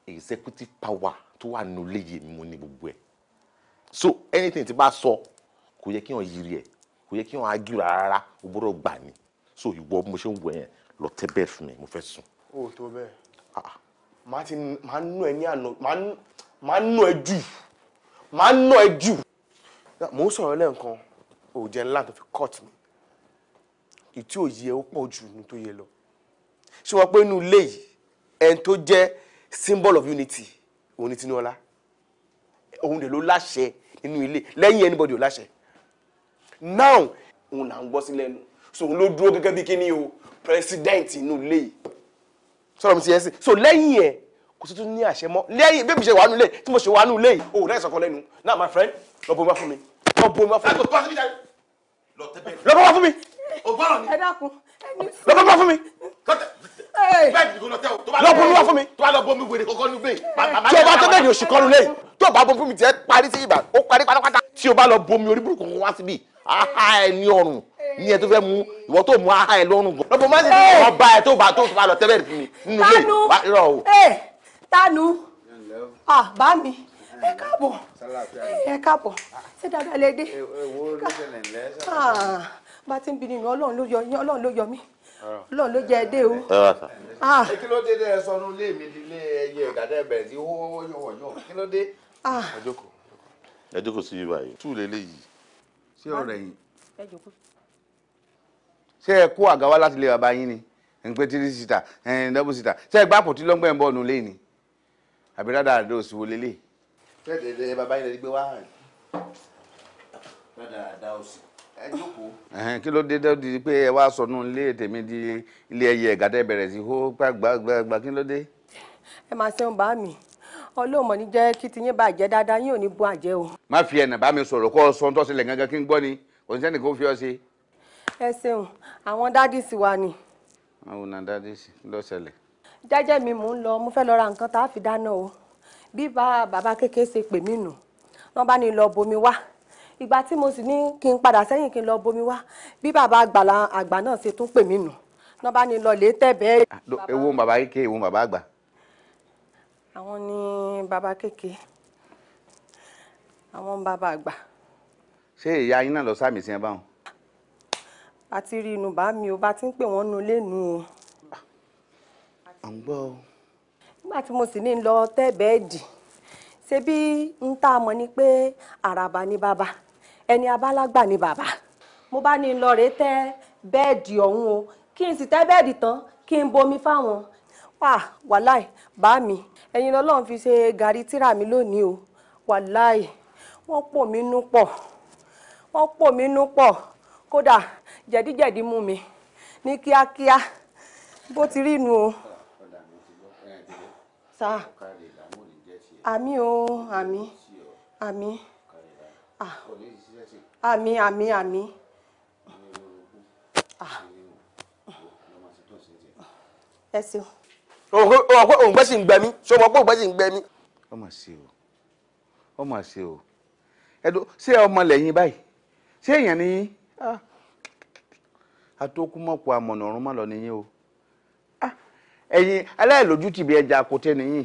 executive power tó wà nínú léyè mi mo ní gbogbo ẹ̀ so anything tí bá sọ kò yẹ kí wọ́n yiri ẹ̀ kò yẹ kí wọ́n ágì rárá o gbọ́dọ̀ gbà ní so ìwọ mo ṣe ń wọ yẹn lọ tẹ́ bẹ́ẹ̀ fún mi mo fẹ́ sùn. o tó bẹ́ẹ̀. Ah, ah màá ti màá nù ẹ ní àná màá nù ẹ jù màá nù ẹ jù mò ńlá tó fi cut mi ìtí òyì ẹ ó pọ̀ jù ní tó yẹ lọ ṣé wọn pé inú ilé yìí ẹni tó jẹ́ symbol of unity òun ni Tinúọlá òun lè ló láṣẹ nínú ilé lẹ́yìn anybody ò láṣẹ now òun là ń gbọ́ sí lẹ́nu so òun ló dúró gẹ́gẹ́ bí kíní o president inú ilé yìí sọ̀rọ̀ mi ti yẹn sí so lẹ́yìn ẹ̀ kò tuntun ní àṣẹ mọ́ lẹ́yìn bébí ṣe wà nù lé tí mo ṣe wà nù lé yìí o lẹ́yìn sọ̀kan lẹ́nu náà my friend lọ bomi wá fún mi lọ bomi wá fún mi. lọ bomi wá fún mi. ògbọ́rọ̀ ni. ẹ dákun ẹni sùn. lọ bomi wá fún mi. lọ bomi wá fún mi. tó bá lọ bomi wèrè kọ́kọ́ nù lé. tí o bá tó bẹ́ẹ̀ o bá bomi fún mi tí o bá lọ bomi orí burúkú wá síbi ẹni ọrùn ìyẹn tó fẹ́ mu ìwọ tó mu aha ẹ lọ́rùn bọ̀ lọ́pọ̀ mọ́sí ti wọ́n bá ẹ tó bá tó fa lọ tẹ́lẹ̀ fún mi nínú ilé wa rọ o. tanu ah, bá mi ẹ káàbọ̀ ẹ káàbọ̀ ṣé dáadáa lè dé ah, bá ti ń bi nínú ọlọ́run ló yọ ọlọ́run ló yọ mí ọlọ́run ló jẹ ẹ dé o. Ah. kí ló dé ẹ sọnù ilé mi di ilé ẹyẹ ìdádá ẹ bẹ̀rẹ̀ sí hóhó yọ̀wọ̀yọ̀ kí ló dé. ẹ jókòó ẹ jókòó sí ibà yìí. tú lélẹ́yìí ṣé ọ̀rẹ́ yìí. ẹ jókòó ṣé ẹ kó àga wá láti ilé bàbá yín ni ń pé tírí síta ẹn dọ́bù síta ṣé ẹ gbá àpótí lọ́gbẹ́ ń bọ̀ nù lé ni àbí rádà àdó òsì wo lélẹ̀. tẹ́tẹ̀ẹ́ bàbá yín lè gbé wá rádà àdá òsì ẹ jókòó. kí ló dé dọ́dí pé ẹ wá sọnù ilé tèmi di ilé ẹyẹ ẹ̀gá tẹ́ sí hó gbàgbàgbà kí ló dé. ẹ máa ṣeun bá mi ọlọ́mọ ní jẹ́ kí ti yín bàjẹ́ dáadáa yín ò ní bu àjẹ́ o. má fi ẹ̀nà bá mi sọ̀rọ̀ kó o sọ ohun tó ṣẹlẹ̀ gangan kí n gbọ́ ni òun sẹ́ni kó fi ọ ṣe. ẹ ṣeun àwọn dádì sì wà ní. àwọn ọ̀nà dádì sì ló ṣẹlẹ̀. jẹ́jẹ́ mi mò ń lọ mo fẹ́ lọ ra nǹkan tá a fi dáná o bí bá bàbá kékeré ṣe pè mí nù wọ́n bá ní lọ bomi wá ìgbà tí mo sì ní kí n padà sẹ́yìn kí n lọ bomi wá bí bàbá àgbàlá àgbà náà ṣe tún pè mí nù wọ́n bá ní lọ lè tẹ̀ bẹ́ẹ̀. Ah, ewu bàbá kékeré ewu bàbá àgbà. àwọn ni bàbá kékeré àwọn bàbá àgbà. ṣé ìyá yín náà lọ sáàmì sí ẹ báwọn àti rí inú bá mi ò bá ti ń pè wọ́n nu lẹ́nu o. à ń gbọ́ o. nígbà tí mo sì ní lọ tẹ́ bẹ́ẹ̀dì ṣé bí n tá a mọ̀ ni pé àràbà ni bàbá ẹni abálágbà ni bàbá mo bá ní lọ rèé tẹ́ bẹ́ẹ̀dì ọ̀hún o kí n sì tẹ́ bẹ́ẹ̀dì tán kí n bomi fáwọn wàláì bá mi ẹ̀yin lọ́lọ́run fi ṣe gàrí tíra mi lónìí o wàláì wọ́n pò mí nú pọ̀ wọ́n pò mí nú pọ̀ kódà jẹ̀díjẹ̀dí mú mi ní kíákíá bó ti rí nu o. sá àmì o àmì àmì àmì àmì àmì. ẹ ṣeun. òun gbẹ́sì ń gbẹ mí ṣé ọmọ pé òun gbẹ́sì ń gbẹ mí. ọmọ sí o ọmọ sí o ẹdọ ṣé ọmọ lẹ́yìn báyìí ṣé èèyàn ni yín. Ah atókùmọ̀pù àmọ̀nà ọ̀run má lọ nìyẹn o ah, ẹ̀yin aláìlójútì bí ẹja àkótẹ́ nìyí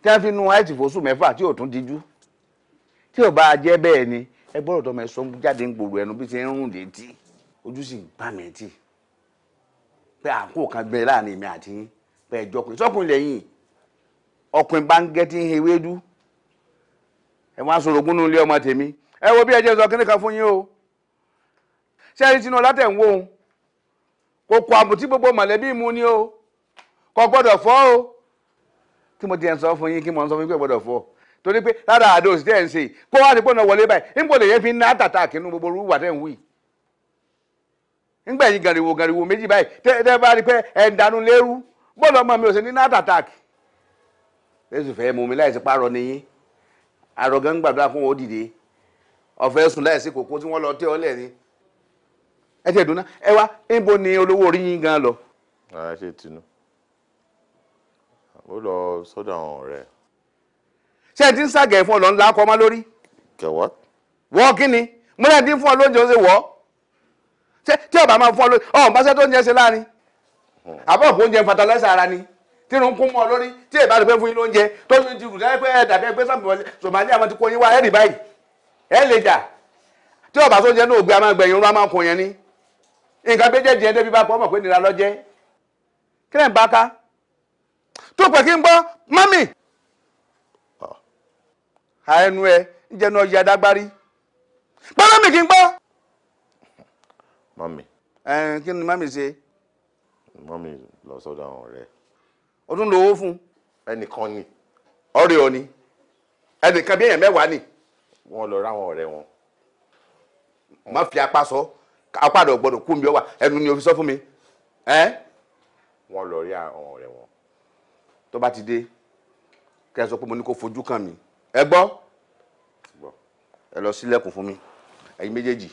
tí wọ́n fi nu àìsí fòsù mẹ́fà tí ò tún díjú tí ò bá jẹ́ bẹ́ẹ̀ ni ẹ gbọ́dọ̀ tọmọ ẹ sọ jáde ń gbòòrò ẹnu bí ṣe ń rùn létí ojú sì ń bá mi tì pé àǹkó kan gbẹ láàrin èmi àti yín pé ẹjọ́ pé sọ́kùnrin lẹ́yìn ọkùnrin bá ń gẹ́ tí ń hewédú ẹ wọ́n sọ̀rọ̀ ogún nínú ilé ọmọ tèmi ẹ wo bí ẹ sọ kíní kan fún yín o ṣé ẹ ti nu ọlá tẹ̀ ń wó kò kọ àbùtí gbogbo mọ̀lẹ́bí mu ni o kò gbọ́dọ̀ fọ́ o tí mo ti ẹ̀ ń sọ fún yín kí mo ń sọ fún yín pé gbọ́dọ̀ fọ́ torí pé rárá fi nnata ná gbogbo orú wà tẹ́ ń wí nígbà yìí gànrìwò gànrìwò méjì báyìí tẹ́ bá rí pé ẹ̀ ń danú lérú mi ò ní ná ẹ ti ẹ̀dùn náà ẹ wá níbo ni olówó orí yín gan lọ. ara ṣe tinú ó lọ sọ́dọ̀ àwọn ọ̀rẹ́. ṣé ẹ ti ń ṣàgẹ̀ fún ọ̀nà ńlá kọ́mọ́ lórí. kẹwọ́. wọ́ kí ni mo náà ti ń fún ọ lóúnjẹ ó ṣe wọ́ tí ọba máa fún ọ lóúnjẹ ọ̀hún báṣẹ́ tó ń jẹ́ ṣe láàrin hmm. àbọ̀ kò ń jẹ ara ni tí irun kún mọ́ ọ lórí tí èbá rẹ̀ pé fún yín lóúnjẹ tó ti rù dáyé pé ẹ̀ lè jà tí ni nǹkan méjèèjì ẹ̀ débi bá pọ̀ mọ̀ pé nira lọ́jẹ́ kí lẹ́yìn bá ká tó pẹ̀ kí n gbọ́ mami àẹnu ẹ ń jẹnu ọyẹ adágbárí pé mami kí n gbọ́. mami. kí ni mami ṣe. mami lọ sọ́dọ̀ àwọn ọ̀rẹ́. o tún lo owó fún. ẹnìkan ni ọ̀rẹ́ ọ ni ẹnìkan bí èèyàn mẹ́wàá ni. wọ́n lọ ráwọn ọ̀rẹ́ wọn. má fi apá sọ. So apáàdọ̀ gbọ́dọ̀ kú mi ọ wà ẹnu ni o fi sọ fún mi ẹ́ wọ́n lọ rí àwọn ọ̀rẹ́ wọn tó bá ti dé kẹ́ ẹ sọ pé mo ní kó fojú kàn mí ẹ gbọ́ ẹ lọ sílẹ̀kùn fún mi ẹ̀yin méjèèjì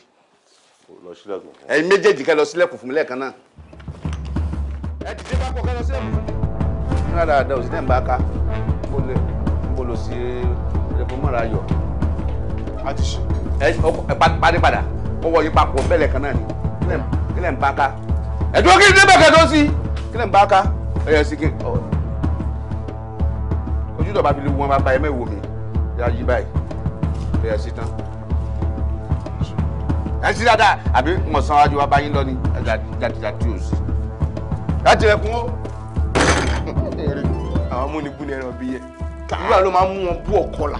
ẹ̀yin méjèèjì kẹ́ ẹ lọ sílẹ̀kùn fún mi lẹ́ẹ̀kan náà ẹ dìde bá pọ̀ kẹ́ ẹ lọ sílẹ̀kùn fún mi. nígbà dáadáa òsì ń bá a ká kó lè lọ sí ẹ̀fọ́ mọ́ra ayọ̀. a ti ṣe. ẹ padì padà ọwọ́ yìí papọ̀ bẹ́lẹ̀ kan náà ni kílẹ̀ ń bá ká ẹ̀dúró kí ni débẹ̀ kẹ́tọ́ sí kílẹ̀ ń bá ká ẹ̀yẹ sí kí ojú tó bá fi lè wọ́n bá ba ẹ mẹ́wòó mi yá yí báyìí ẹ̀yẹ sí tán ẹ sí dáadáa àbí mọ̀sán wájú wa bá yín lọ ní gàdìgàdì òsì láti ẹkún ó àwọn múnibú ni ẹran bí yẹ nígbà ló máa ń mú wọn bú ọkọlà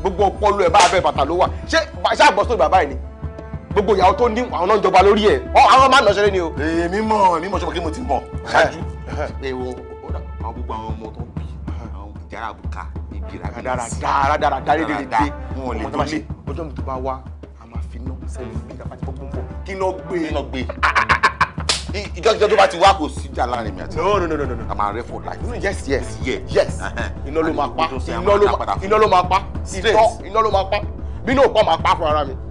gbogbo ọpọlọ ẹ bá abẹ bàtà ló wà ṣé àgbọ̀sọ̀ bàbá yìí ni gbogbo ìyàwó tó ní àwọn náà jọba lórí ẹ̀ àwọn máa ń nọṣẹ́rẹ́ ni o. èmi mọ̀ èmi mọ̀ ṣọ́kẹ́ mo ti mọ̀ ṣáájú. ewo àwọn gbogbo àwọn ọmọ tó ń bí àwọn jàrá àbùkà níbi rà. dára dára dára dára dé dé ọmọ tó ọjọ́ mi tó bá wá a máa fi iná sẹ́yìn bí ìjàpá ti bọ́ gbọ́n kí iná gbé. iná gbé ah, ah, ah, ìjọ́jọ́ tó bá ti wá kò sí ìjà láàrin mi àti. no no no no no. a máa rẹ for life. yes yes yes. iná ló máa pa iná ló máa pa iná ló máa pa iná ló máa pa bí iná pa máa pa fún ara mi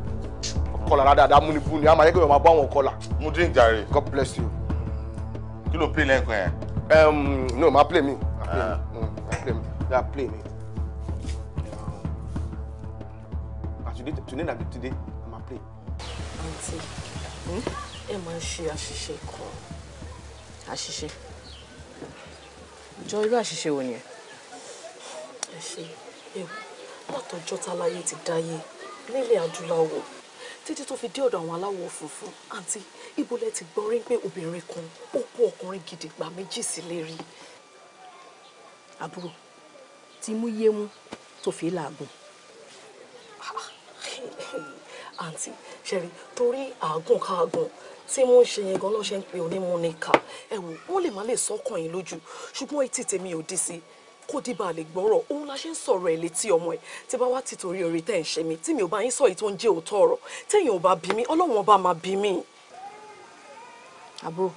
kọlà dáadáa múnibú ni a máa yẹ kí wọ́n máa àwọn kọlà. mo drink jàre. God bless you. kí ló play lẹ́kọ̀ọ́ yẹn. Um, no ma ah. hmm, play me ma play uh. ma play me ma play me. as today today na be today i ma play. aunty hmm? ẹ máa ń ṣe àṣìṣe kan àṣìṣe jọ irú àṣìṣe wo nìyẹn. ẹ ṣe ewu látọjọ́ táláyé ti dáyé nílẹ̀ adúláwọ̀ títí tó fi dé ọ̀dọ̀ àwọn aláwọ̀ funfun àǹtí ibo lẹ ti gbọ́ rí pé obìnrin kan ó kó ọkùnrin gidi gbà méjì sílé rí. àbúrò tí mú yé mú tó fi làágùn. àǹtí ṣẹ̀rí torí àágùn káàgùn tí mo ń ṣe yẹn gan ló ṣe ń pe onímúnika ẹ wò wọn lè má lè sọkàn yín lójú ṣùgbọ́n etí tèmi ò dí sí i kó di bá a lè gbọ́rọ̀ òun la ṣe ń sọ̀rọ̀ ẹ̀ létí ọmọ ẹ̀ tí bá wá ti torí orí tẹ̀ ń ṣe mi tí mi ò bá yín sọ èyí tó ń jẹ́ òótọ́ ọ̀rọ̀ tẹ̀yìn ò bá bí mi ọlọ́run ọba máa bí mi. àbúrò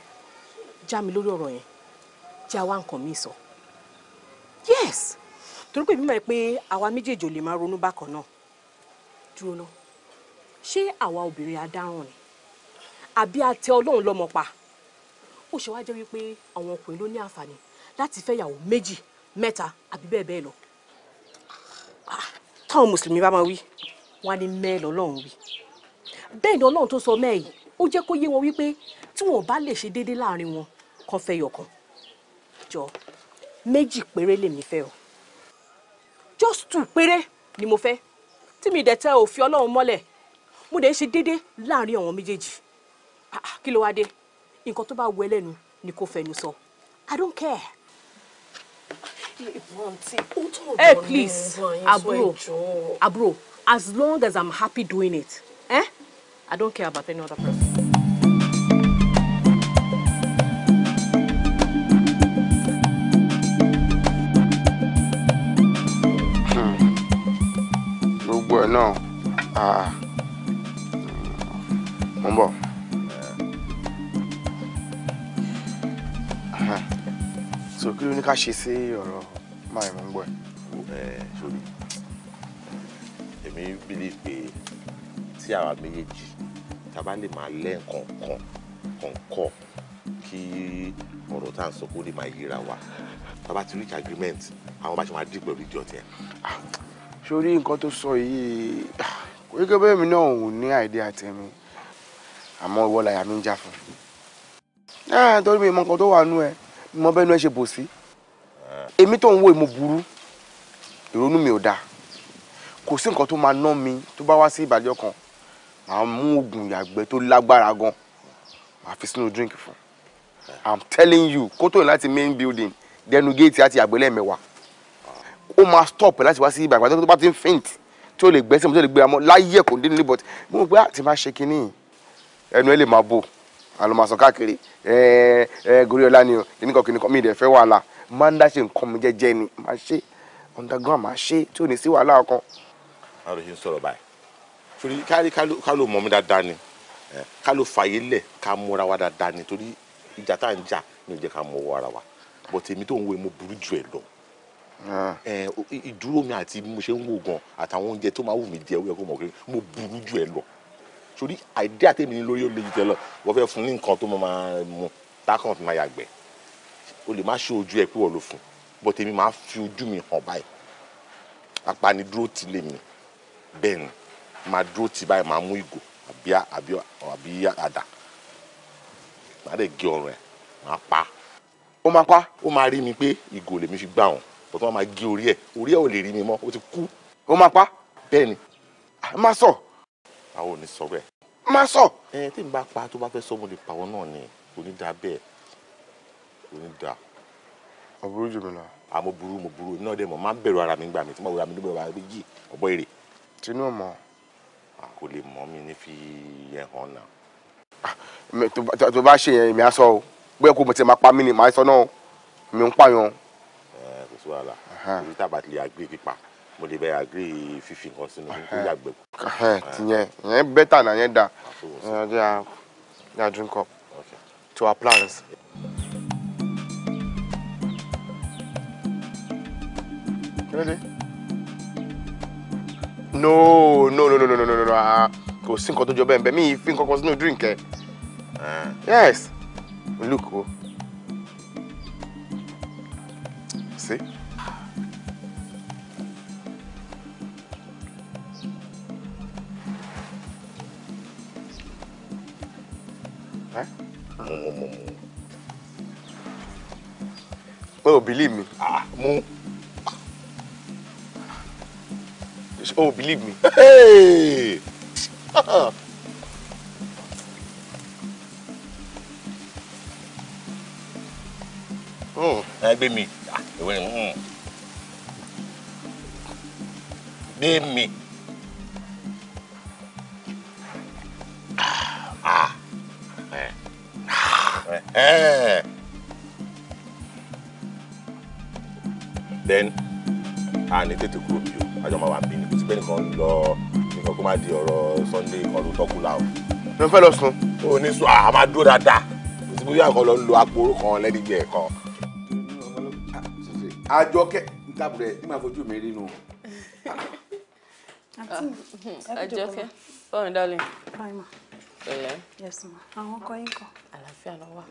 já mi lórí ọ̀rọ̀ yẹn já wá nǹkan mi sọ. yes torí pé mímọ̀ ẹ pé àwa méjèèjì ò lè máa ronú bákan náà dúró náà ṣé àwa obìnrin adáhùn ni àbí a ọlọ́run lọ́mọ pa ó ṣe wá jẹ́ wípé àwọn ọkùnrin ló ní àǹfààní láti fẹ́yàwó méjì mẹ́ta àbí bẹ́ẹ̀ bẹ́ẹ̀ lọ ah, táwọn mùsùlùmí bá máa wí wọn á ní mẹ́ẹ̀ lọ́lọ́run wí bẹ́ẹ̀ ni ọlọ́run tó sọ mẹ́ẹ̀ yìí ó jẹ́ kó yé wọn wípé tí wọn ò bá lè ṣe déédéé láàrin wọn kan fẹ́ yọ̀kan jọ méjì péré lèmi fẹ́ o just two péré ni mo fẹ́ tí mi dẹ̀ tẹ òfin ọlọ́run mọ́lẹ̀ mo dẹ̀ ń ṣe déédéé láàrin àwọn méjèèjì ah, ah, kí ló wá dé nǹkan tó bá wọ ẹlẹ́nu ni kò fẹnu sọ i don't care hey please àbúrò àbúrò as long as i'm happy doing it eh? i don't care about any other person. Hmm. gbogbo ẹ náà ah. hmm. mo ń bọ̀. so kí ló ní ká ṣe sí ọ̀rọ̀ máa ń gbọ́ ẹ. sórí èmi bìlí pé tí àwa méjèèjì tá a bá lè máa lẹ́ kọ̀ọ̀kan kọ̀ọ̀kan kí ọ̀rọ̀ tá à ń sọ kó lè máa yíra wa tá a bá ti reach agreement àwọn bá ṣe máa dì pẹ̀lú ìjọ tiẹ̀. Ah, sórí nǹkan tó sọ yìí gẹ́gẹ́ ah, bẹ́ẹ̀ mi náà ò ní àìdí àtẹ̀mí àmọ́ ìwọ làyà mi ń jà fún. Ah, torí mi mọ nǹkan tó wà nú ẹ mo bẹ́nu ẹ ṣe bò sí èmi tó ń wo èmo burú ìrònú mi ò dáa kò sí nǹkan tó máa ná mi tó bá wá sí ìbàdí ọkàn màá mú oògùn ìyàgbẹ́ tó lágbára gan màá fi sínú drink fún i'm telling you kó tó láti main building dẹnu géètì àti àgbélẹ̀ mẹ́wàá ó máa stop láti wá sí ìbàdí ọkàn tó bá ti ń faint tí ó lè gbẹ́sẹ̀ mọ́ tó lè gbé amọ́ láyé ẹ̀kọ́ nílé but mo gbé àti máa ṣe kínní ẹnu ẹ lè máa bò àlùmọ̀sán káàkiri goriola ni o kìnnìkan kìnnìkan mi ì dẹ̀ wàhálà máa ń dá ṣe nǹkan mi jẹ́jẹ́ ni máa ṣe underground máa ṣe tí ò ní sí wàhálà ọkàn. a lè ṣe ń sọ̀rọ̀ báyìí torí kárí ká ló mọ̀ mí dáadáa ni ká ló fàyè lẹ̀ ká múra wa dáadáa ni torí ìjà tá à ń jà ni ò jẹ́ ká mọ̀ wọ wa bọ̀ tèmi tó ń wo mo burú jù ẹ lọ ah. ìdúró mi àti mo ṣe ń wò gan àtàwọn oúnjẹ tó máa wù mí jẹ ó sórí àìdí àtẹ̀mí ni lórí ó lè jù tẹ lọ wọ́n fẹ́ fún ní nǹkan tó máa mu tákàn fi máa yàgbẹ́ o lè má ṣe ojú ẹ pé wọ́n ló fún bọ́ tèmi máa fi ojú mi hàn báyìí apanidúró ti lè mi bẹ́ẹ̀ ni máa dúró ti báyìí máa mú ìgò àbí àbí àbí àdá máa dẹ̀ gé ọrùn ẹ̀ máa pa ó máa pa ó máa rí mi pé ìgò lèmi fi gbà wọn bọ́tọ́ máa gé orí ẹ̀ orí ẹ̀ ò lè rí mi mọ́ ó ti kú ó máa pa bẹ́ẹ̀ ni má sọ̀ àwọn ò ní sọ bẹ́ẹ̀. má sọ. ẹ tí n bá pa tó bá fẹ́ sọ mo lè pàwọ́ náà ni kò ní da bẹ́ẹ̀ kò ní da. ọ̀bùrú jù mí lọ. àmọ́ burú mo burú iná dẹ̀ mọ̀ má bẹ̀rù ara mi gbà mí tí mo wúra mi níbẹ̀rù ara mi yìí ọ̀bọ èrè. tinú ọmọ. kò lè mọ mi ní fi yẹn hàn náà. Ah, tó bá ṣe yẹn èmi á sọ o bóyá kó mo ti máa pa mí ni màá sọ náà mi ń pààyàn. ẹ kò sí wàhálà orí tàbátì lè àgbé pípa mo lè bẹ agree fífi nǹkan sínú kó yàgbẹ́. tìyẹn ìyẹn bẹ́tà náà yẹn da ìyẹn jẹ́ drink up to our plans. Really? no no no no no no no no ah, kò sí nǹkan tó jọ bẹ́ẹ̀ bẹ́ẹ̀ mi ì fi nǹkan kan sínú drink ẹ yes look o. Oh. mu mu mu mu. o oh, believe me. ah mu. Oh, believe me. Hey! Oh, ẹ gbé mi ah, ìwé hmm. gbé me. ló ń fẹ́ lọ sùn. o ní sùn àá máa dúró dáadáa ìsìnkú yóò àkọ́ lọ lo àpò kan lẹ́dígbẹ́ kan. àjọkẹ́ ń tàbùrẹ̀ ní màá fojú mi rí nu. àjọkẹ́ báwo oh, ni darling. báyìí ma. pẹ̀lẹ́. yes ma àwọn ọkọ yín kọ. àlàáfíà ló wà.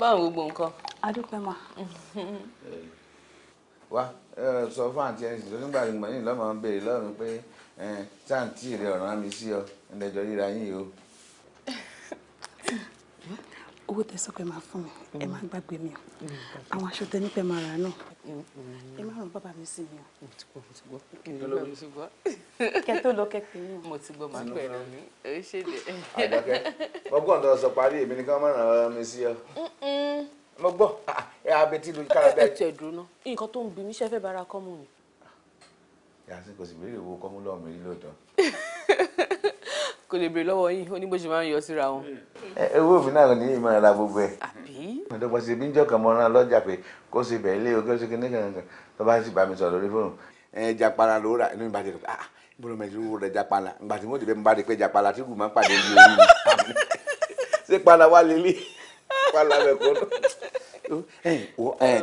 báwo gbogbo nǹkan. adúpẹ́ ma. wá sọ fún àǹtí ẹni tó nígbà tí mo ní lọ́mọ ń béèrè lọ́wọ́ mi pé táǹtì rẹ ọ̀ràn mi sí ọ ẹ̀ẹ́dẹ̀jọ́ ríra yín o. owó tẹ sọ pé máa fún mi ẹ máa mm. gbàgbé mi o mm, àwọn aṣọ tẹ nípa ẹ máa rà náà mm, ẹ máa ràn bàbá mi sí mi o. mo ti gbọ́ mo ti kẹ tó lọ kẹpẹ mi o. mo ti gbọ́ máa pẹ̀lú mi ẹ ṣe lè. àdàkẹ́ ọgbọ́n tó sọ parí èmi ni ká máa ràn mi sí ọ mo gbọ́ ẹ abetí lójú kára bẹ́ẹ̀. ẹ tẹ̀ dúró náà nǹkan tó ń bí mi ṣe fẹ́ bára kọ́mù ni. yàtí kò sì béèrè owó kọ́mù lọ́wọ́ mi lóòótọ́. kò lè béèrè lọ́wọ́ yín ó ní bó ṣe máa ń yọ síra wọn. owó mi náà ní ìmọ̀ ara gbogbo ẹ̀. àbí. ìdọ́gba sí ibi ń jọ kàn mọ́ra lọ́jà pé kó ṣe bẹ̀ ilé o kó ṣe kíní kankan tó bá sì bá mi sọ̀rọ̀ lórí fóònù. ẹ japara ló rà inú mi ah bọ́lá mi ìlú rẹ japala ìgbà tí mo dìbẹ́ mi bá rí pé japala tí kò máa pálámẹ kó lọ.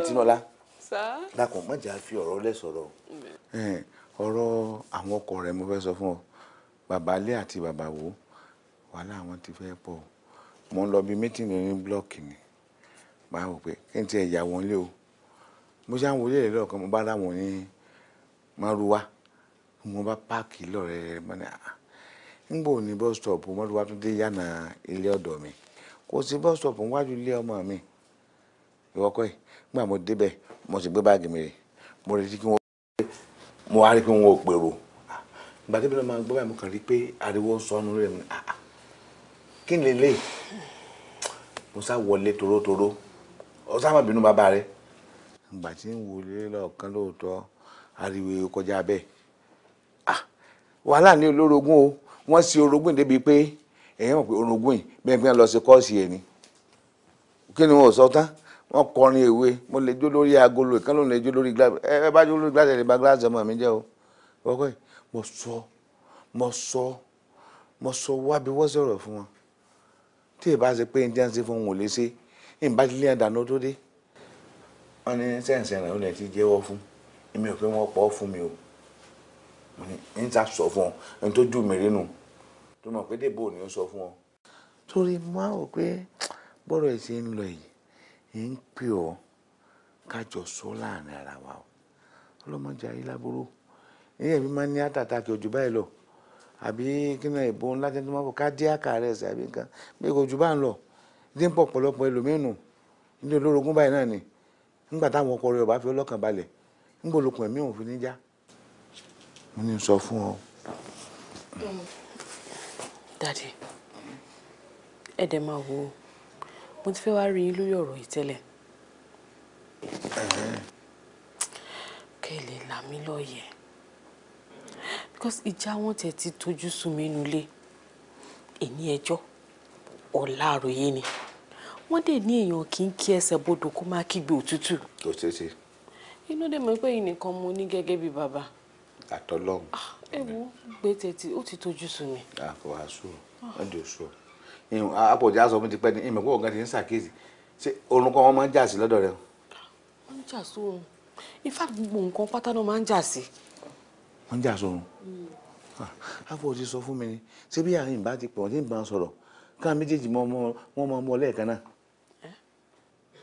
Tinọlá dákun má jà fi ọ̀rọ̀ lẹ̀ sọ̀rọ̀ ọ̀rọ̀ àwọn ọkọ rẹ̀ mo fẹ́ sọ fún ọ bàbá ilé àti bàbá wo wàhálà àwọn ti fẹ́ pọ̀ mo ń lọ bí ní blọọkì ni màá wò pé kí n tiẹ̀ lé o mo ṣe àwọn olóyè mo bá dá wọn ní mo bá páàkì lọ́rẹ̀ẹ́ mọ́ni ń gbò ní ah, kò sí bus stop níwájú ilé ọmọ mi ìwọ kọ́ ẹ̀ nígbà mo débẹ̀ mo sì gbé báàgì mi rè mo retí kí wọ́n pé mo wá rí pé wọn ò pèrò ìgbà tí náà máa gbọ́ báyìí mo kàn rí pé ariwo sọnù rẹ̀ mi ah, ah, kí ni lè mo sá wọlé torótoró ọ̀sá má bínú bàbá rẹ̀ ìgbà tí ń wọlé lọ́ọ̀kan lóòótọ́ ariwo kọjá bẹ́ẹ̀ ah, wàhálà ní olórogún o wọ́n sì orogún débi pé ẹ̀yẹ́ mọ̀ pé orogún yìí bẹ́ẹ̀ fi hàn lọ sí kọ́ọ̀sì ẹ̀ ni kí ni wọn ò sọ tán wọn kọrin èwe mo lè jó lórí agolo ìkan ló lè jó lórí gíláàsì ẹ bá jó lórí gíláàsì ẹ lè ba gíláàsì ọmọ mi jẹ o ọkọ yìí mo sọ mo sọ mo sọ wábi wọ́n sọ̀rọ̀ fún wọn tí ìbá ṣe pé indian ṣe fún wọn ò lè ṣe ìbá ti lé àdánù tó dé wọn ní sẹ́ǹsì ẹ̀ràn ó lè ti jẹ́wọ́ fún èmi ò pé wọ́n pọ̀ fún mi o mo ní ń sọ fún ẹni tó jù mí rí nù tó mọ̀ pé dèbò ni ó sọ fún ọ. torí mo á rò pé bọ́rọ̀ ẹ̀ ṣe ń lọ yìí ń sọ láàrin ara wa o ọlọ́mọdé ayé láboró ẹ̀yẹ́ mi máa ń ní àtàtàkì ojú báyìí lọ àbí kí náà ìbò ńlá tẹ́tí máa ń bọ̀ kádíákà rẹ̀ sí àbí nǹkan bí kò bá ń lọ ní pọ̀ pọ̀lọpọ̀ ní olórogún báyìí náà ni nígbà táwọn ọkọ rẹ̀ ọba fi ọlọ́kàn daddy, edema dẹ̀ máa wo mo ti fẹ́ wá rí yín lórí ọ̀rọ̀ yìí tẹ́lẹ̀ kẹ́ ẹ lè because ìjà wọn tẹ̀ ti tójú sú mi nulẹ̀ èní ẹjọ́ ọ̀la àròyé ni wọ́n dẹ̀ ní èèyàn kì í kí ẹsẹ̀ bodò kó má kígbe òtútù. kò tètè. inú dẹ̀ mọ̀ pé ìnìkan mo ní gẹ́gẹ́ bí bàbá. àtọ́lọ́hún. ah ewu gbé tètè ó ti tójú sú mi. àpò àṣù ọdẹ oṣù ìhùn àpòjá sọ fún ti pẹ́ ní ìmọ̀ pé ọ̀gá ti ń ṣàkíyèsí ṣé oorun kan wọ́n máa ń jà sí lọ́dọ̀ rẹ. wọ́n ń jà sóorun ifá gbogbo nǹkan pátá náà máa ń jà sí. wọ́n ń jà sóorun hmm. ah, àpòjì sọ fún mi ni ṣé bí àárín ìbá ti pọ̀ ní ìbá sọ̀rọ̀ ká méjèèjì mọ́ wọ́n mọ́ ọmọ lẹ́ẹ̀kan náà.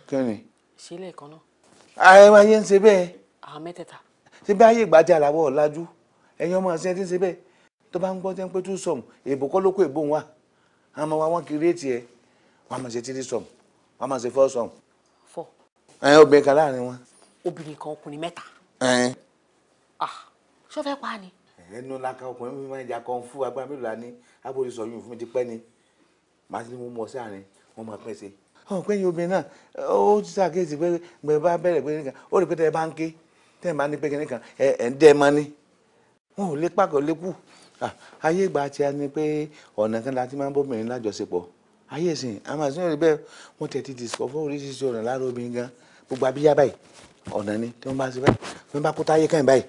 kí ni. ṣe lẹ́ẹ̀kan náà. ayé ń ṣe bẹ́ẹ̀. àwọn mẹ́tẹ̀ẹ̀ta. ṣé bí ayé ìgbàjà ẹ̀yin ọmọ àṣẹ tí ń ṣe bẹ́ẹ̀ tó bá ń gbọ́ tẹ́ ń pé tú sọ̀m èbò kọ́ ló kó èbò wa àwọn ọmọ wa wọ́n kiri ètì ẹ̀ wọ́n máa ṣe tírí sọ̀m wọ́n máa ṣe fọ́ sọ̀m. fọ. ẹ obìnrin kan láàrin wọn. obìnrin kan ọkùnrin mẹ́ta. ẹ. ah ṣó fẹ́ pa ni. ẹnu laka ọkùnrin mi máa ń jà kan fún agbára mélòó la ní abóri sọ yún fún mi ti pẹ́ ni màá ti ní mo mọ sáàrin wọ́n máa pẹ́ sí. ọ̀ pé yín obìnrin náà ó ti sàkíyèsí pé bẹ́ẹ̀ bá bẹ̀rẹ̀ pé ó rí pé tẹ́ ẹ bá ń ké tẹ́ ẹ bá ní pé kíní kan ẹ̀ ẹ̀ ń dẹ́ ẹ mọ́ ni wọn ò lè pàkọ́ lékù ayé ìgbà tí a ní pé ọ̀nà kan láti máa ń bóbìnrin lájọṣepọ̀ ayé ìsìn àmọ́ àti ìrìn bẹ́ẹ̀ wọ́n tẹ̀ ti discover oríṣiríṣi ọ̀nà lára obìnrin gan gbogbo abíyá báyìí ọ̀nà ni tí wọ́n bá ṣe báyìí wọ́n bá kó táyé kàn báyìí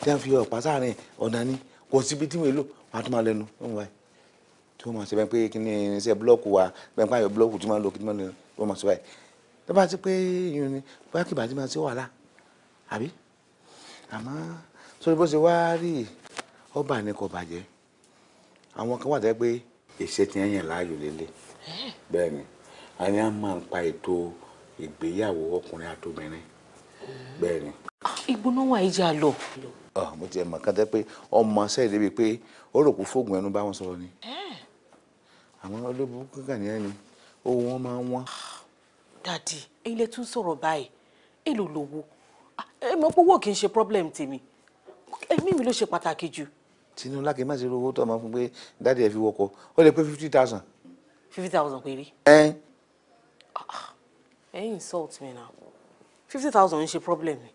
tí wọ́n fi ọ̀pá sáàrin ọ̀nà ni kò síbi tí wọ́n lò wọ́n á tún máa lẹnu wọ́n wáyé tí wọ́n máa ṣe báyìí pé kí ni irinṣẹ́ búlọ́ọ̀kù wa bẹ́ẹ̀ pààyàn búlọ́ọ̀kù tí wọ́n máa lò kí sórí bó ṣe wá rí ọba ní kò bàjẹ́ àwọn kan wà tẹ́ pé ìṣe ti yẹn láàyò lélẹ̀ bẹ́ẹ̀ ni àní á máa ń pa ètò ìgbéyàwó ọkùnrin àtòbìnrin bẹ́ẹ̀ ni. ìgbóná wà ìjà lọ. mo ti ẹ̀ mọ̀ kán tẹ́ pé ọmọ sẹ́yìn débi pé ó rò kó fóògùn ẹnu bá wọn sọ̀rọ̀ ni àwọn olóbùkún kankan ni ẹni ohun wọn máa ń wọ́n. dadi ilé tún sọ̀rọ̀ báyìí èlò lówó ah, ẹ mọ̀ pé owó kì í ṣe problem tèmi ẹ̀mí mi ló ṣe pàtàkì jù. tinú lákè má ṣe rówó tó máa fún pé dáàdi ẹ fi wọkọ ó lè pé fifty thousand. fifty thousand péré. ẹ ẹ insult mi na fifty thousand ń ṣe problem mi.